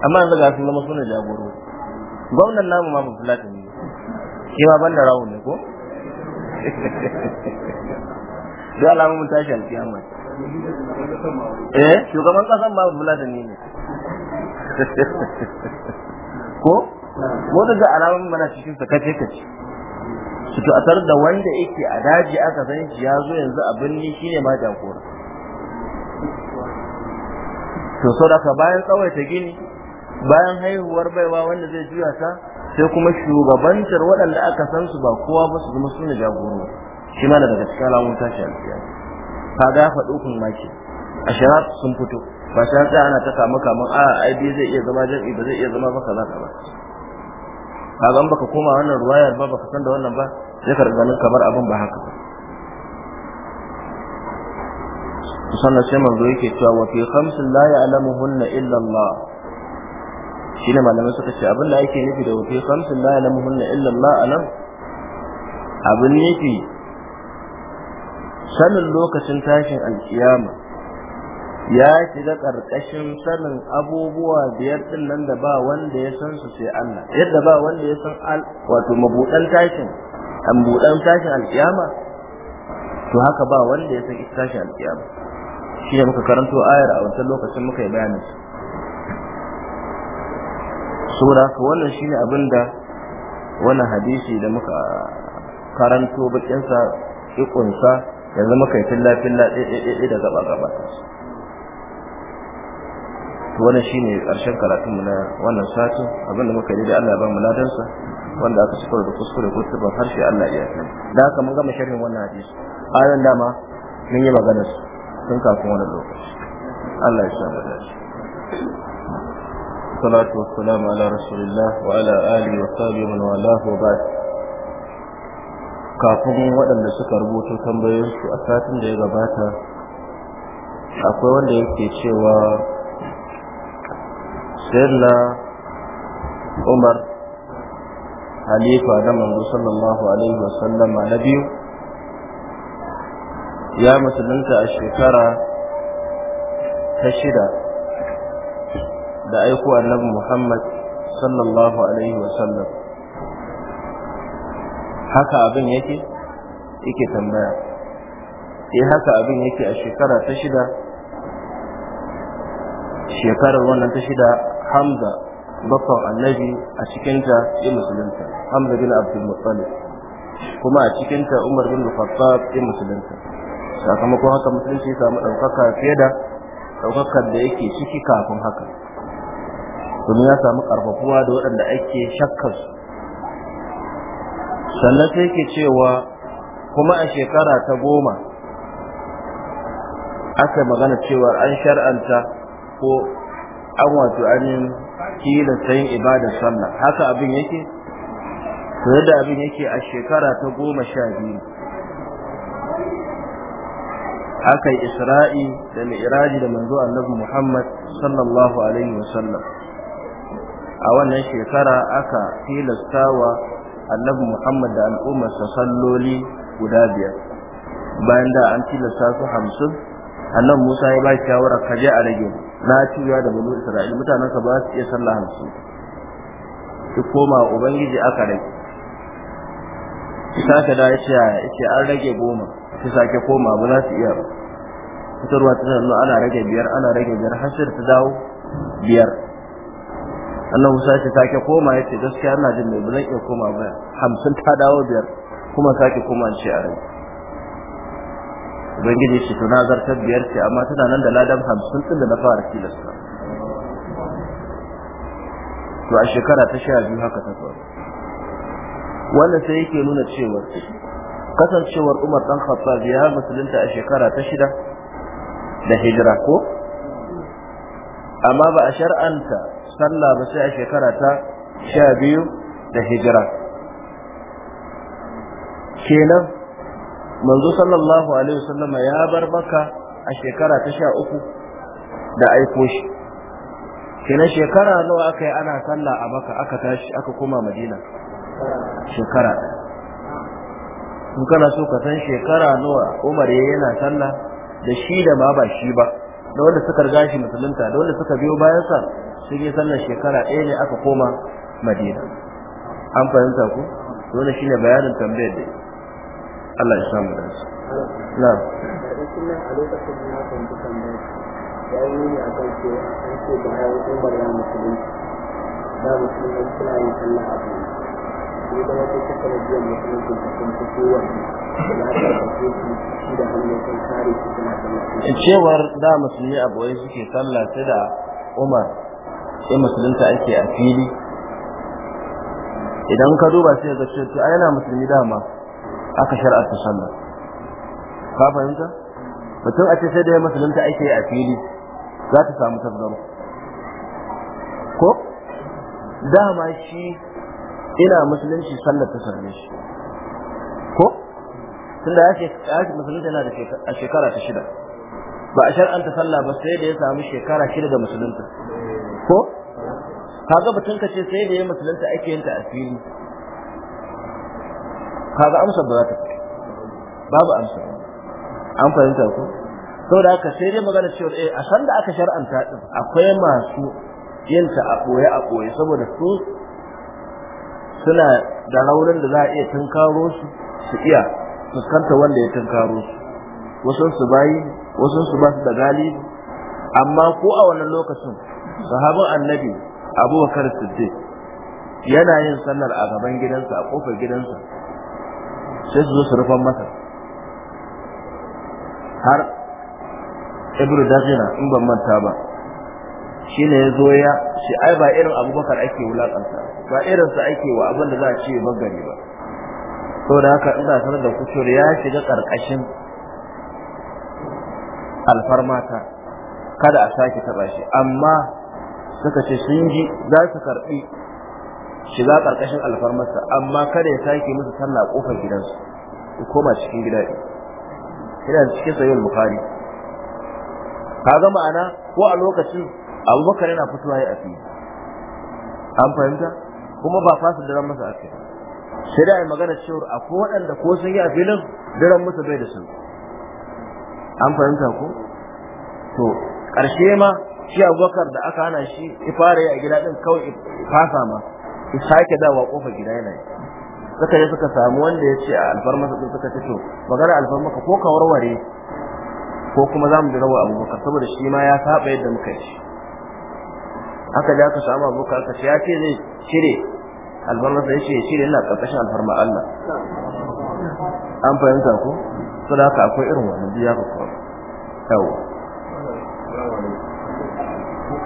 amma yanzu ga sun zama suna jagoro gwamnan namu ma ba fulatani shi ma banda rawun ne ko da alamun mun tashi alkiyama eh shugaban kasan ma da ni ne ko mu daga alamun mana cikin sa kace kace su tu'atar da wanda yake a daji aka san shi ya zo yanzu abin ni shine ma jagora to saboda bayan tsawaita gini bayan haihuwar baiwa wanda zai juya ta sai kuma shugabantar waɗanda aka san su ba kowa ba su zama su ne jagoro shi ma daga cikin alamun tashi alfiya ka ga faɗo kun maki a shirar sun fito ba sai tsaya ana ta kama kaman a ai bi zai iya zama jami'i ba zai iya zama ba kaza ba. ka ga baka koma wannan ruwayar ba baka san da wannan ba sai ka ganin kamar abin ba haka ba sannan sai manzo yake cewa wa fi khamsin la ya'lamuhunna illa Allah shine malamai suka ce abin da ake nufi da wafi khamsin la ya'lamuhunna illa Allah alam abin nufi sanin lokacin tashin alkiyama ya shiga karkashin sanin abubuwa biyar din nan da ba wanda ya san su sai Allah yadda ba wanda ya san al wato mabudan tashin an budan tashin alkiyama to haka ba wanda ya san tashin alkiyama shi ne muka karanto ayar a wancan lokacin muka yi bayanin sura haka wannan shine abin da wannan hadisi da muka karanto bakinsa sa yanzu muka yi tallafin la ɗaiɗaiɗaiɗai da gaba gaba to wannan shine karshen karatun mu na wannan satin abin da muka yi da Allah ya ba mu ladansa wanda aka cikar da kuskure ko tuba harshe Allah ya yi da haka mun gama sharhin wannan hadisi ayan dama mun yi magana sun tun kafin wannan lokaci Allah ya sa mu shi. والصلاة والسلام على رسول الله وعلى آله وصحبه من والاه وبعد kafin waɗanda suka rubuto tambayoyinsu a satin da ya gabata akwai wanda yake cewa sayyidina Umar halifa na manzo sallallahu alaihi wasallama na biyu ya musulunta a shekara ta shida da aiko annabi Muhammad sallallahu alaihi wa sallam haka abin yake yake tambaya eh haka abin yake a shekara ta shida shekarar wannan ta shida Hamza bakon annabi a cikinta ya musulunta Hamza bin Abdul Muttalib kuma a cikinta Umar bin Khattab ya musulunta sakamakon haka musulunci ya samu ɗaukaka fiye da ɗaukakar da yake ciki kafin haka domin ya samu karfafuwa da waɗanda ake shakkar su sannan sai ke cewa kuma a shekara ta goma aka magana cewa an shar'anta ko an wato yi kila sayin ibadar sallah haka abin yake to yadda abin yake a shekara ta goma sha biyu aka yi isra'i da mi'raji da manzo annabi muhammad sallallahu alaihi wasallam a wannan shekara aka tilastawa annabi Muhammad da sa salloli guda biyar bayan da an tilasta su hamsin annan Musa ya ba shawara ka je a rage na ciya da bulu Isra'ila mutanen ka ba su iya sallah hamsin ki koma ubangiji aka rage kisa ka da ya ce an rage goma ki sake koma ba za su iya ba fitarwa ta sallah ana rage biyar ana rage biyar har ta dawo biyar annabi sai ce take koma ya ce gaskiya ina jin mai bazan iya koma ba hamsin ta dawo biyar kuma sake koma ce a rai gidi shi to ta biyar ce amma tana nan da ladan hamsin din da na fara tilasta to a shekara ta sha biyu haka ta faru wannan sai yake nuna cewa kasancewar Umar dan Khattab ya musulunta a shekara ta shida da hijira ko amma ba a shar'anta sallah ba sai a shekara ta sha biyu da hijira kenan manzo sallallahu alaihi wasallama ya bar maka a shekara ta sha uku da aiko shi kenan shekara nawa aka yi ana sallah a maka aka tashi aka koma madina shekara in kana so ka san shekara nawa umar yana sallah da shi da ma ba shi ba da wanda suka riga shi musulunta da wanda suka biyo bayansa sun yi sallar shekara ɗaya ne aka koma madina an fahimta ku dole ne bayanin tambayar da Allah ya samu da su na a lokacin na ce da ta kowanne shi da kan kare suna cewar da musulmi a suke sallah sai da umar sai musulunta ake a fili idan ka duba sai ga cewa ai yana musulmi dama aka ta sallah ka fahimta mutum a ce sai da musulunta ake a fili za ta samu tasgaro ko dama shi ina musulunci sallar ta same shi ko tunda ya ce musulunta yana da shekara ta shida ba a shar'anta sallah ba sai da ya samu shekara shida da musulunta ko kaga batun ka ce sai da ya musulunta ake yin ta asiri kaga amsar ba za ta babu amsa an fahimta ko saboda haka sai dai magana cewa eh a san da aka shar'anta din akwai masu yin ta a boye a boye saboda su suna da raunin da za a iya tunkaro su su iya fuskanta wanda ya tunkaro su wasu su bayi wasu su ba su da galibi amma ko a wannan lokacin sahabin annabi abubakar siddiq yana yin sallar a gaban gidansa a kofar gidansa sai su zo su rufan masa har ibru dazina in ban manta ba Shi ne ya zo ya shi ai ba irin abubakar ake wulaƙanta ba irinsa ake wa abin da za a ce bangare ba saboda haka ina sanar da kusur ya shiga ƙarƙashin alfarmata kada a sake taɓa shi amma suka ce sun ji za su karɓi shiga ƙarƙashin alfarmarsa amma kada ya sake musu sallah ƙofar gidansu su koma cikin gida ɗin yana cikin sayyid bukhari ga ma'ana ko a lokacin abubakar yana fitowa ya afi an fahimta kuma ba fasa daren masa afi sai da magana cewa akwai waɗanda ko sun yi a filin daren masa bai da sun an fahimta ko to ƙarshe ma shi abubakar da aka hana shi ya fara yi a gida ɗin kawai fasa ma ya sake dawa kofa gida yana yi suka je suka samu wanda ya ce a alfarmasa ɗin suka fito magana alfarmaka ko ka warware ko kuma za mu ji rawa abubakar saboda shi ma ya saba yadda muka yi aka je aka samu abubakar ka ce ya ce zai cire alfarmasa ya ce ya cire yana karkashin alfarma Allah an fahimta ko saboda haka akwai irin wannan biya ka kawo yawa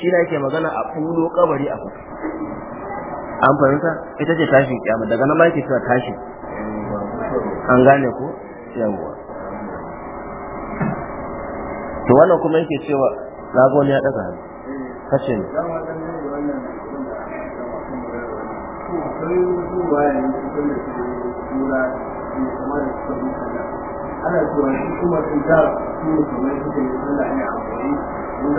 shi na yake magana a fulo kabari a faka an fahimta ita ce tashi kyamu daga nan ma yake cewa tashi an gane ko yawwa to wannan kuma yake cewa na ya daga hannu kashe ne ana cewa shi kuma sun ta su musulmai suka yi da ne a za a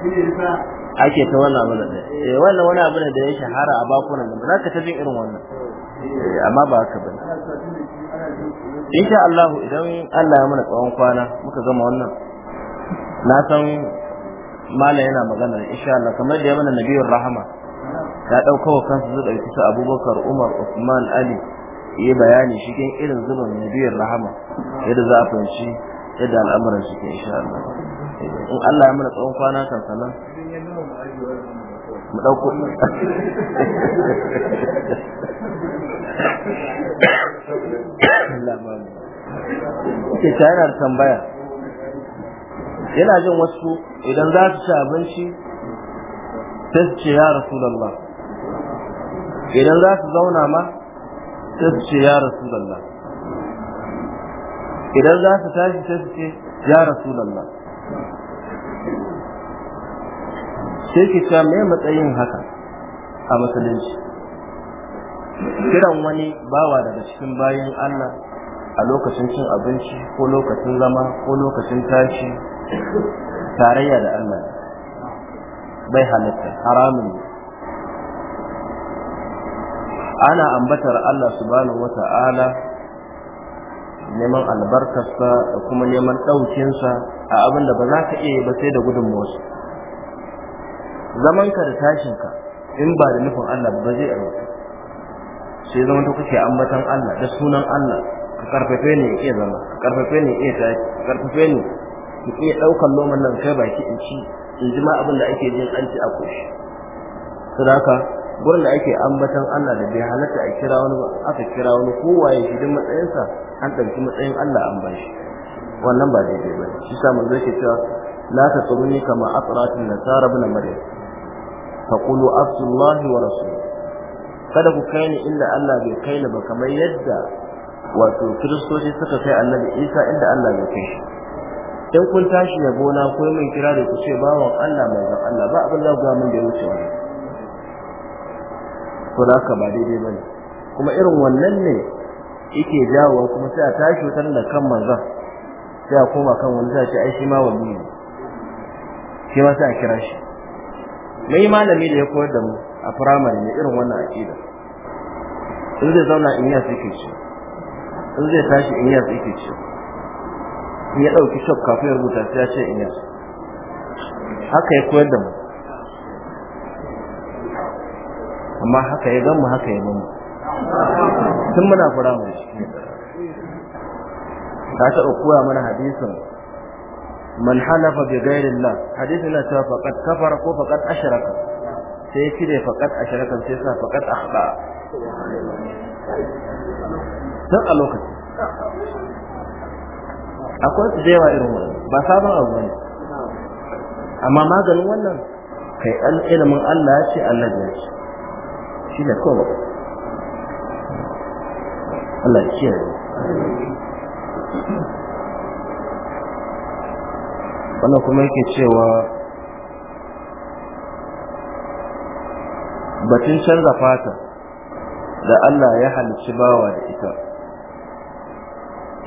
kira da ake ta wannan abu da eh, wannan wani abu da ya shahara a bakunan da za ka ta irin wannan eh, amma ba haka ba insha Allah idan Allah ya mana tsawon kwana muka gama wannan na san mala yana magana insha Allah kamar da ya mana nabiyar rahama ta dauko wa kansa zai ɗauki su abubakar umar usman ali yi bayani cikin irin zuban nabiyar rahama yadda za a fahimci yadda al'amuran shi ke insha Allah in Allah ya mana tsawon kwana kan sanan mu ɗauko ke tayar tambaya yana jin wasu idan za su ci abinci sai su ce ya rasulallah idan za su zauna ma sai su ce ya rasu lalla, idan za su tashi sai su ce ya rasu lalla. sai ki ta me matsayin haka a musulunci kiran wani bawa daga cikin bayan Allah a lokacin cin abinci ko lokacin zama ko lokacin tashi tarayya da Allah bai halitta haramun ne. ana ambatar Allah subhanahu wata'ala neman albarkarsa da kuma neman ɗaukinsa a abin da ba za ka iya ba sai da Zaman zamanka da tashinka in ba da nufin Allah ba zai a sai zama ta kuke ambatan Allah da sunan Allah ka karfafe ne ya iya zama ka karfafe ne ya iya tashi ka karfafe ne ki iya ɗaukan loman nan kai baki in ci in ji ma abin da ake jin an ci a kushi. sadaka gurin da ake ambatan Allah da bai halatta a kira wani ba aka kira wani kowaye shi din matsayinsa an ɗauki matsayin Allah an ba shi wannan ba daidai ba shi sa manzo yake cewa la tasruni kama asratin nasara ibn maryam taqulu abdullahi wa rasul kada ku kai ni inda Allah bai kai ni ba kamar yadda wato kiristoci suka kai annabi Isa inda Allah bai kai shi in kun tashi yabo na ko min kira da ku ce bawan Allah zan Allah ba abin da ga mun da ya wuce wannan to da ka ba daidai bane kuma irin wannan ne yake jawo kuma sai a tashi wutar da kan manzon sai a koma kan wani sai ai shi ma wani ne shi ma sai a kira shi mai malami da ya koyar da mu a firamare ne irin wannan aqida in zai zauna in ya suke ci in zai tashi in ya suke ci in ya dauki shop kafin rubuta sai ya ce in ya haka ya koyar da mu amma haka ya gan mu haka ya gan mu tun muna fura mu ta taɓa koya mana hadisin man halafa bi ghairillah hadisin na cewa faqad kafara ko faqad ashraka sai cire faqad ashraka sai sa faqad akhba dan a lokaci akwai su dewa irin wannan ba sabon abu ne amma maganin wannan kai ilimin Allah ya ce Allah ya ce shine komai Allah ya wannan kuma yake cewa batun canza fata da Allah ya halicci bawa da ita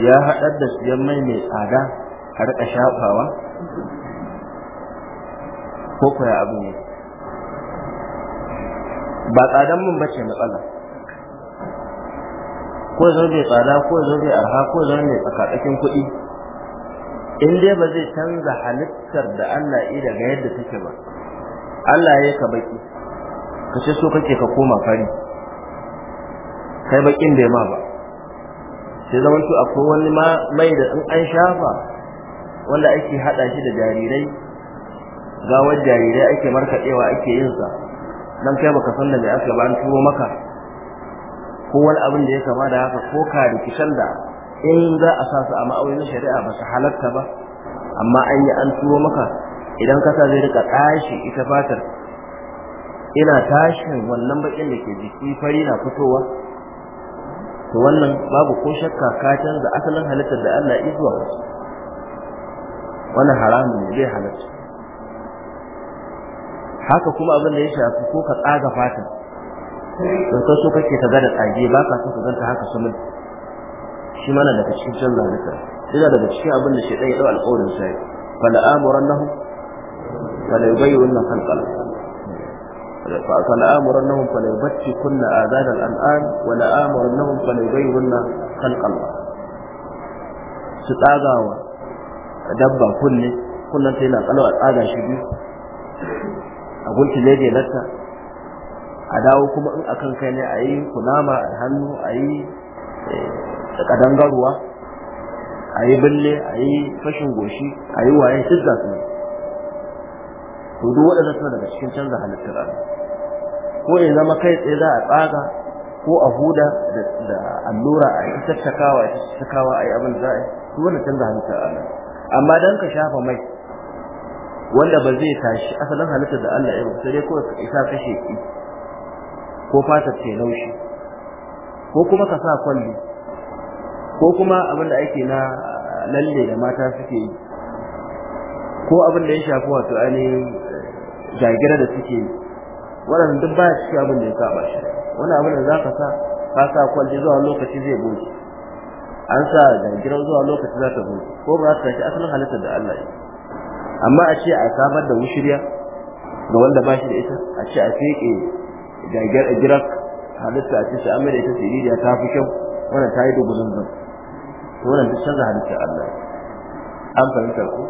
ya haɗar da siyan mai mai tsada a riƙa shafawa ko kuwa abin yake ba tsadan mun bace matsala ko zo bai tsada ko zo bai arha ko zo mai tsakatsakin kuɗi in dai ba zai canza halittar da Allah yi daga yadda take ba Allah ya ka baki ka ce so kake ka koma fari kai bakin bai ma ba sai zaman su akwai wani mai da in an shafa wanda ake hada shi da jarirai gawar jarirai ake markaɗewa ake yin sa dan kai baka san da me aka ba an turo maka ko wani abin da ya kama da haka ko ka rikishan da in za a sa su a ma'aunin shari'a ba su halatta ba amma an yi an turo maka idan kasa zai rika tashi ita fatar ina tashin wannan bakin da ke jiki fari na fitowa to wannan babu ko shakka ka canza asalin halittar da Allah izuwa wannan haramun ne zai halatta haka kuma abin da ya shafi ko ka tsaga fata don ka so kake ka gada tsage ba ka so ka ganta haka samun shi mana daga cikin canza zalika yana daga cikin abin da shaidan ya dau alƙawarin sai fala amurannahu fala yubayyinna khalqal فلا آمرنهم فلا يبتي كن آذان الأنعام ولا آمرنهم فلا يبيهن خلق الله ستاغاوا دبا كل كل تينا قالوا shi biyu. a gunki lege a dawo kuma in akan kai ne a yi kunama a hannu a yi eh, kadangaruwa a yi bille a yi fashin goshi a yi waye duk su to duk waɗanda suna daga cikin canza halittar Allah ko ya zama kai tsaye za a tsaga ko a huda da allura a yi tattakawa a tattakawa a yi abin da za a canza halittar Allah amma dan ka shafa mai wanda ba zai tashi asalin halittar da Allah ya yi sai dai ko isa kashe ki ko fata ce laushi ko kuma ka sa kwalli ko kuma abin da ake na lalle da mata suke yi ko abin da ya shafi wato ani jagira da suke yi wannan duk ba shi abin da ya saba shi wani abin da zaka sa ka sa kwalli zuwa lokaci zai boce an sa jagira zuwa lokaci za ta boce ko ba za ta tashi asalin halittar da Allah ya yi amma a ce a samar da wushiriya ga wanda ba shi da ita a ce a feke gagar igirak halitta a ce su amma da ita siririya ta fi kyau wannan ta yi duburin zan to wannan duk canza halitta Allah an fahimtar ku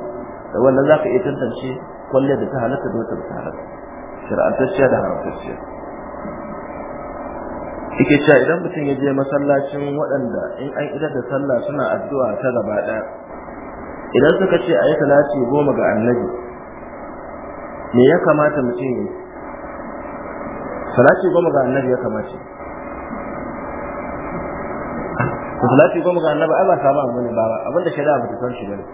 da wannan za ka iya tantance kwalle da ta halatta da wata ta halatta shir'antacciya da haramtacciya yake cewa idan mutum ya je masallacin waɗanda in an idar da sallah suna addu'a ta gaba ɗaya idan suka ce ayi salati goma ga annabi me ya kamata mutum yi salati goma ga annabi ya kamata salati goma ga annabi ai ba samu abu ne ba abinda shari'a ba ta san shi bane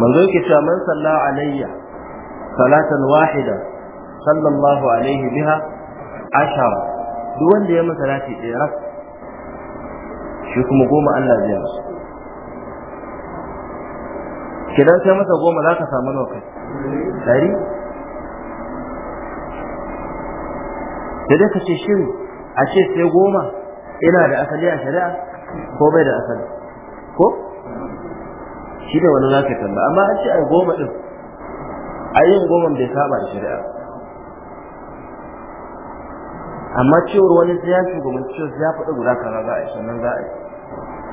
manzo yake cewa man salla alayya salatan wahida sallallahu alaihi biha ashara duk wanda ya yi salati ɗaya shi kuma goma Allah zai masa kidan sai masa goma za ka samu nawa kai dari da dai ka ce shiri a ce sai goma ina da asali a shari'a ko bai da asali ko shi da wani za ka tamba amma an ce a goma din a yin goma bai saba da shari'a amma cewar wani sai ya shugaban cewa ya faɗi guda kaza za a yi sannan za a yi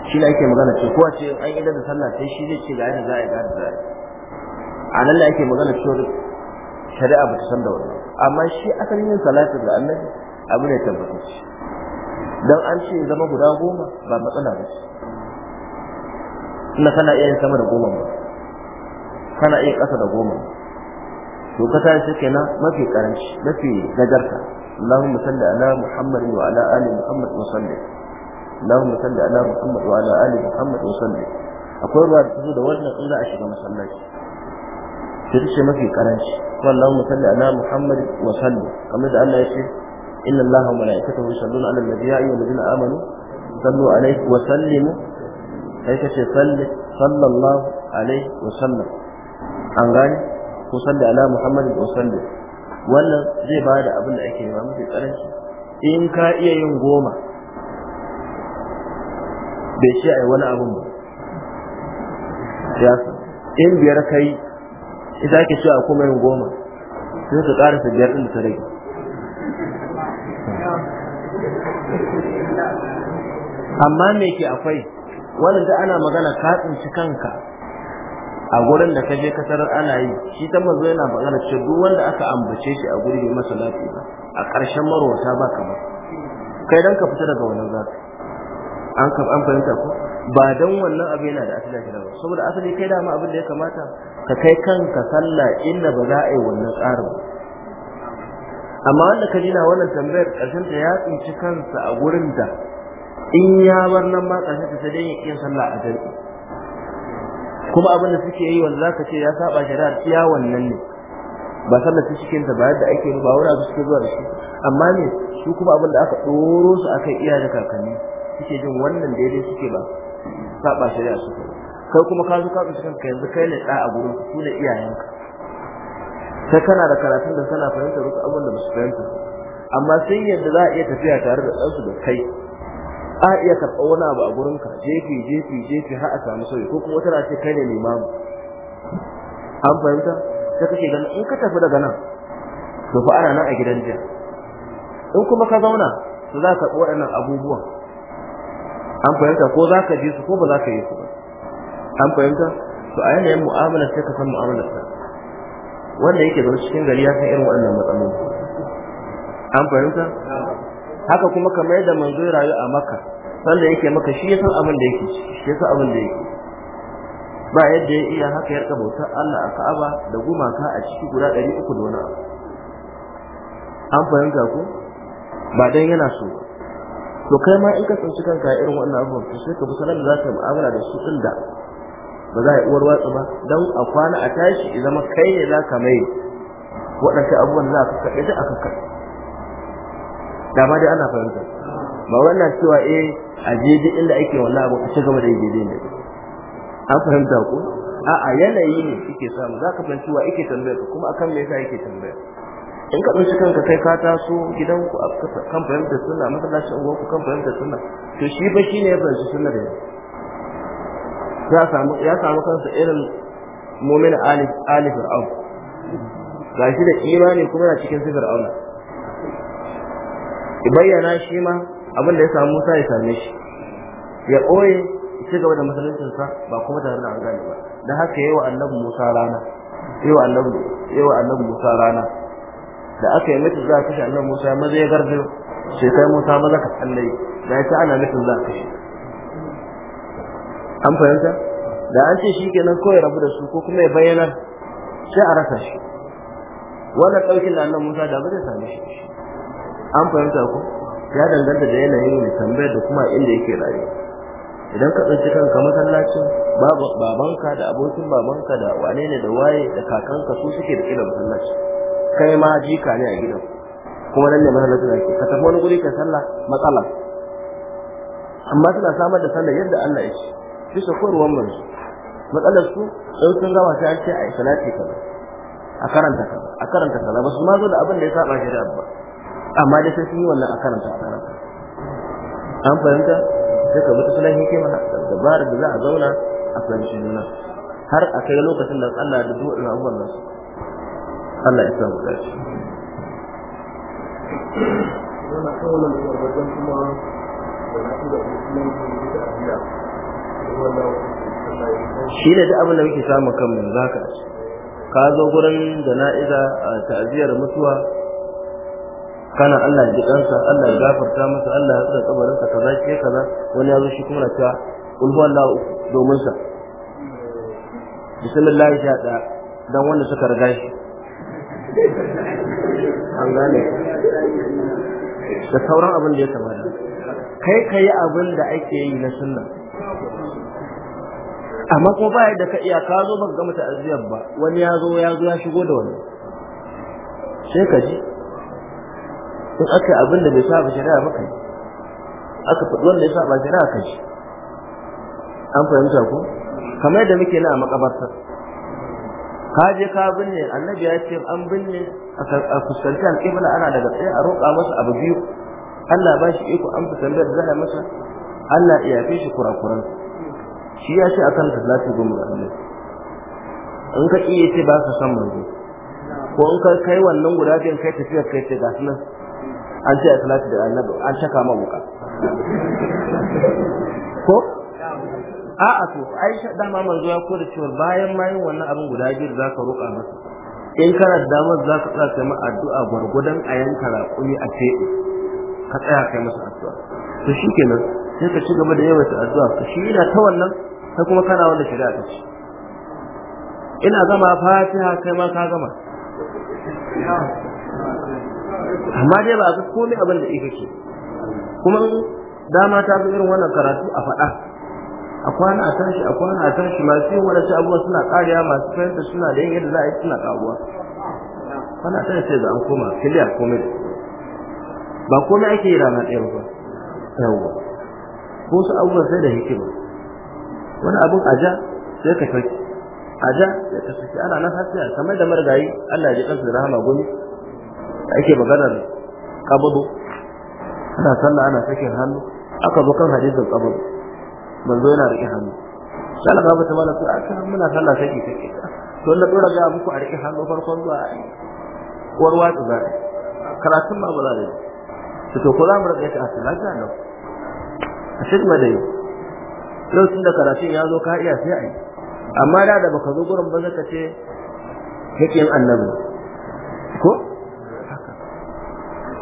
shi ne ake magana ce kowa ce an yi da sallah sai shi zai ce ga yadda za a yi ga yadda za a yi nan da ake magana cewa shari'a ba ta san da wannan amma shi asalin yin salatu da annabi abu ne tabbatacce dan an ce zama guda goma ba matsala ba ce ina kana iya yin sama da goma ba kana iya ƙasa da goma to ka tashi kenan mafi karanci mafi gajarta ala صل wa ala Ali ال wa وسلم Allahumma salli ala Muhammad wa ala ali Muhammad wa sallim akwai ruwa da tazo da wannan in za a shiga masallaci sai ta ce mafi karanci ko Allahumma salli ala Muhammad wa sallim kamar da Allah ya ce inna Allaha wa malaikatahu yusalluna ala nabi ya ayyuhal ladina amanu sallu alaihi wa sallimu sai ta ce salli sallallahu alaihi wa sallam an gane ko salli ala Muhammad wa sallim wannan zai bada abin da ake nema mafi karanci in ka iya yin goma bai ce yi wani abin ba siyasa in biyar kai ita ake a kuma yin goma sai su ƙara su biyar ɗin da ta rage amma me ke akwai wannan da ana magana ka tsinci kanka a gurin da kaje ka tarar ana yi shi ta mazo yana magana cewa duk wanda aka ambace shi a guri bai masa lafiya a ƙarshen marwata ba ka ba kai dan ka fita daga wannan zaka an ka an fahimta ko ba don wannan abu yana da asali kina ba saboda asali kai dama abin da ya kamata ka kai kanka sallah inda ba za a yi wannan tsarin amma wanda ka jina wannan tambayar karshen ta ya tsinci kansa a gurin da in ya bar nan ma karshen ta sai dai yake yin sallah a jami'i kuma abin da suke yi wanda zaka ce ya saba shari'a iya wannan ne ba sallar cikin ta ba yadda ake ba wani abu suke zuwa da shi amma ne su kuma abin da aka doro su akai iyaye kakanni suke jin wannan daidai suke ba saba shari'a suke kai kuma ka zo ka kanka yanzu kai ne da a gurin su ne iyayenka sai kana da karatun da kana fahimta wasu abin da basu fahimta amma sai yadda za a iya tafiya tare da ɗansu da kai a iya karɓar wani abu a gurin jefi jefi jefi har a samu sauyi ko kuma wata ce kai ne limamu an fahimta sai kake ganin in ka tafi daga nan to fa ana nan a gidan jiya in kuma ka zauna to za ka karɓi waɗannan abubuwan an fahimta ko za ka ji su ko ba za ka yi su ba an fahimta to a yanayin mu'amalar sai ka san mu'amalar ta wanda yake zaune cikin gari ya san irin waɗannan matsaloli an fahimta haka kuma kamar yadda manzo ya rayu a maka sanda yake maka shi ya san abin da yake shi ya san abin da yake ba yadda ya iya haka ya rika bautar Allah a Ka'aba da gumaka a ciki guda ɗari uku da wani abu an fahimta ko ba dan yana so ba to kai ma in ka tsinci kanka irin wannan abubuwan to sai ka bi sanar da za ka mu'amala da su din da ba za a uwar watsa ba don a kwana a tashi ya zama kai ne za ka mai waɗanda abubuwan za ka kaɗe da aka kaɗe da ma dai ana fahimta ba wannan cewa eh a jeji inda ake wannan abu a cigaba da jeje ne an fahimta ko a'a yanayi ne yake samu za ka fahimci wa yake tambaya kuma akan me yasa yake tambaya in ka ɗauki kanka kai ka taso gidanku a kan fahimtar sunna matsalashi unguwar ku kan fahimtar sunna to shi ba shine ya fahimci sunna da ya samu ya samu kansa irin mu'min ali ali fir'aun shi da imani kuma yana cikin sifar auna bayyana shi ma abin da ya samu Musa ya same shi ya ɓoye ci gaba da masalancinsa ba kuma tare da an gane ba da haka yayi wa annabi Musa rana yayi wa annabi yayi wa annabi Musa rana da aka yi mutum za a kashe annabi Musa maza ya garzo sai kai Musa maza ka tsalle da ita ana mutum za a kashe an fahimta da an ce shi kenan kawai rabu da su ko kuma ya bayyana sai a rasa shi wannan ɗaukin da annabi Musa da ba zai same shi an fahimta ko ya danganta da yanayin mai tambayar da kuma inda yake rayuwa idan ka tsinci kanka masallacin babanka da abokin babanka da wane ne da waye da kakanka su suke da ilimin masallaci kai ma jika ne a gidan kuma nan ne masallaci da ka tafi wani guri ka sallah matsala amma suna samar da sallah yadda Allah ya ce bisa koruwan manzo matsalar su sai sun gama sai an ce a salati ka a karanta ka a karanta ka ba su ma zo da abin da ya saba shi da abba amma dai sai sun yi wannan a karanta a karanta an fahimta sai ka mutu sunan hikima dabarar da za a zauna a fahimci juna har a kai lokacin da Allah da duwa abubuwan nasu Allah ya sa mu dace shi ne duk abin da muke samun kanmu yanzu haka ka zo gurin jana'iza a ta'aziyar mutuwa kana Allah ji ɗansa Allah ya gafarta masa Allah ya tsara kabarinsa kaza ke kaza wani ya zo shi kuma na ta ulhu Allah domin sa bismillah ya da dan wanda suka riga shi an gane da sauran abin da ya kamata kai ka yi abin da ake yi na sunna amma kuma ba yadda ka iya ka zo baka gama ta'aziyar ba wani ya zo ya zo ya shigo da wani sai ka ji in aka yi abin da bai saba shari'a ba kai aka faɗi wanda ya saba shari'a kai an fahimta ko kamar yadda muke na a makabartar Kaje ka binne annabi ya ce an binne a fuskanci alƙibla ana daga tsaye a roƙa masa abu biyu Allah ba shi iko an fuskanci da zai masa Allah ya fi shi kurakuran shi ya ce akan salatu gumra Allah in ka iya ce ba ka san manzo ko in ka kai wannan guda biyan kai tafiya kai ce ga sunan an ce a salati da annabi an caka ma wuka ko a'a to ai dama manzo ya koda cewa bayan mayin wannan abin guda biyu za ka roƙa masa in kana da damar za ka tsaya kai addu'a gurgudan a yanka raƙumi a ce ka tsaya kai masa addu'a to shikenan sai ka ci gaba da yawaita addu'a ka shi yana ta wannan sai kuma kana wanda shiga ta ci, ina gama fatiha kai ma ka gama amma dai ba a ga komai abin da yake ce kuma dama ta zo irin wannan karatu a faɗa a kwana a tashi a kwana a tashi masu yin wadansu abubuwa suna kariya masu fahimta suna da yin yadda za a yi suna karuwa kwana tashi sai da an koma kiliya komai ba komai ake yi rana ɗaya ba yawwa ko su abubuwan sai da hikima wani abin aja sai ka sauki aja sai ka sauki ana nan har sai kamar da marigayi Allah ya ji kansa da rahama gumi ake maganar kabado. ana sallah ana sakin hannu aka zo kan hadisin kabado manzo yana rike hannu sai Allah gaba ta mala to aka muna sallah sai ke sai to Allah dora ga muku a rike hannu farkon zuwa warwa ta zai karatun ma ba za ne to ko za mu rike ta sallah da nan a shirma dai lokacin da karatun ya zo ka iya sai ai amma da da baka zo gurin ba zaka ce yake yin annabi ko haka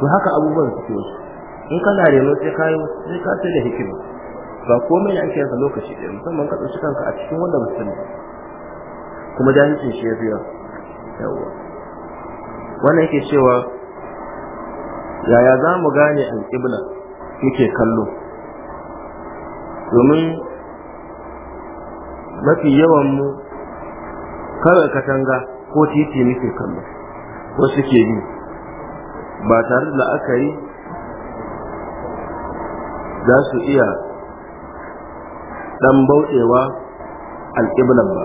to haka abubuwan suke yi. in kana reno sai kayo sai ka ce da hikima ba komai ake yanka lokaci ɗaya musamman ka ɗauki kanka a cikin wanda ba sani kuma jahilcin shi ya biya yawa wannan yake cewa yaya za mu gane alƙibla muke kallo domin mafi yawan mu kawai katanga ko titi muke kallo ko suke yi, ba tare da la'akari za su iya dan bauɗewa alƙiblan ba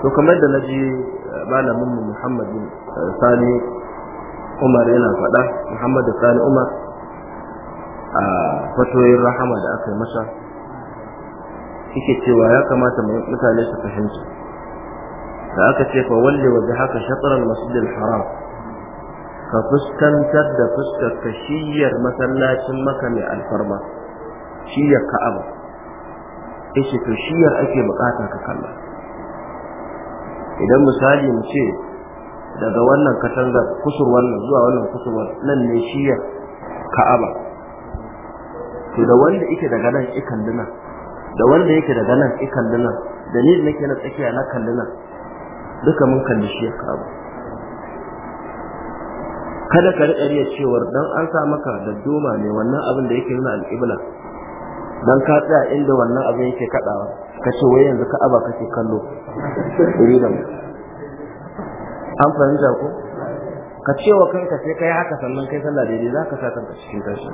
to kamar da na ji eh, malaminmu mu Muhammad eh, Sani Umar yana faɗa Muhammad Sani Umar a fatoyin rahama da aka yi masa yake cewa ya kamata mutane su fahimci da aka ce fa walle waje haka Masu masjidil haram ka fuskantar da fuskar shiyar masallacin maka mai alfarma shiyar ka'aba yake to shiyar ake bukata ka kalla idan misali mu ce daga wannan katanga kusur wannan zuwa wannan kusur nan ne shi yar ka'aba to da wanda yake daga nan ikan kalluna da wanda yake daga nan ikan kalluna da ni nake na tsakiya na kalluna duka mun kalli shiyar ka'aba kada ka riƙa riya cewar dan an sa maka da doma ne wannan abin da yake nuna alƙibla dan ka tsaya inda wannan abu yake kadawa ka ce wai yanzu ka aba kake kallo iri an fahimta ko ka ce wa kanka sai kai haka sannan kai sallah daidai za ka sa kanka cikin tashi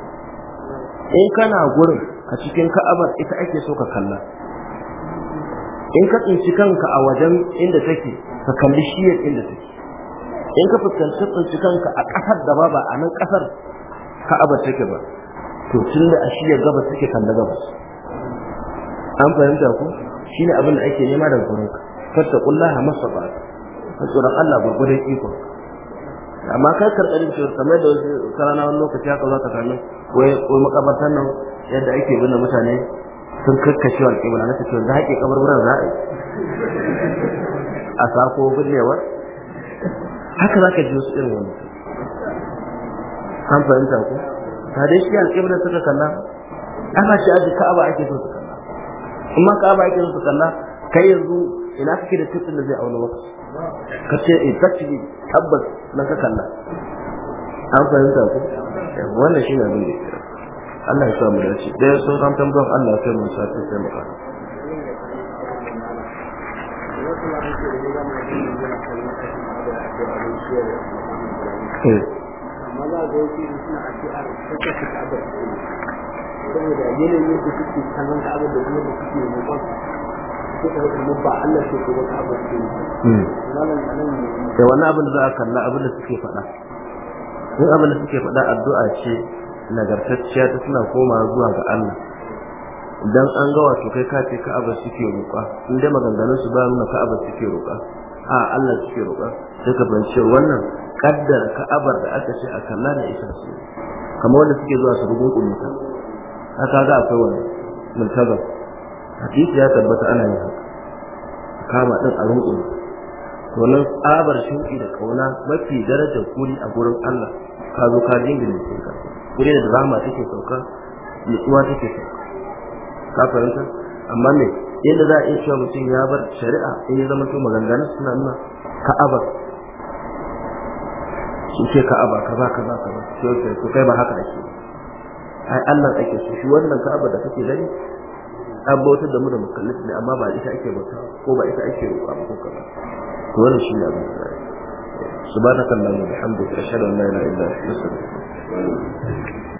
in kana gurin a cikin ka'abar ita ake so ka kalla in ka tsinci kanka a wajen inda take ka kalli shiyar inda take in ka fuskanci tsinci kanka a ƙasar da ba ba a nan ƙasar ka'abar take ba to tun da ashiyar gabas suke kalla gabas an fahimta ku Shi ne abin da ake nema daga gurin ka fatta kullaha masaba ka tsoron Allah gurgurin iko amma ka karɓarin cewa kamar da wasu karana wani lokaci haka za ka sami wai wai makabartan nan yadda ake binne mutane sun karkashe wani kibla na cewa za a ke kabarburan za a yi a sako binnewar haka za ka ji wasu irin wani an fahimta ku ba dai shi alƙibla suka kalla ana shi aji ka'aba ake so su kalla amma ka'aba ake so su kalla kai yanzu ina kake da tutun da zai auna maka ka ce exactly eh, tabbas na ka kalla an fahimta ku wannan shi ne abin da ya Allah ya sa mu dace ɗaya sauran tambayan Allah sai mu sa sai mu kalla you. Eh. za ga wasu yin saboda yanayin da suke kallon da kuma da suke roƙon su ba Allah ke da hmm. wani eh, abin da za a kalla abin da suke faɗa in abin da suke faɗa addu'a ce nagartacciya ta suna koma zuwa ga Allah idan an ga wato kai ka ce ka'abar suke roƙa in dai maganganun su ba nuna ka'abar suke roƙa a Allah suke roƙa sai ka fahimci wannan kaddar ka'abar da aka ce a kalla da ita kamar wanda suke zuwa su rubu kunuta haka ga akwai wani multazam hadisi ya tabbata ana yin haka kama din a runkun to nan tsabar shuki da kauna mafi darajar kuri a gurin Allah ka zo ka jingine sai ka kuri da drama take sauka nutsuwa take sauka ka fahimta amma me yadda za a iya cewa mutum ya bar shari'a in ya zama to maganganun suna nuna ka'abar sun ce ka'aba kaza kaza kaza sai ku kai ba haka ake ai Allah ake so shi wannan ka'aba da kake gani an bautar da mu da mukallaf ne amma ba ita ake bauta ko ba ita ake roƙa ba ko kaza to wannan shi ne abin da subhanakallahumma wa an la ilaha illa anta astaghfiruka wa atubu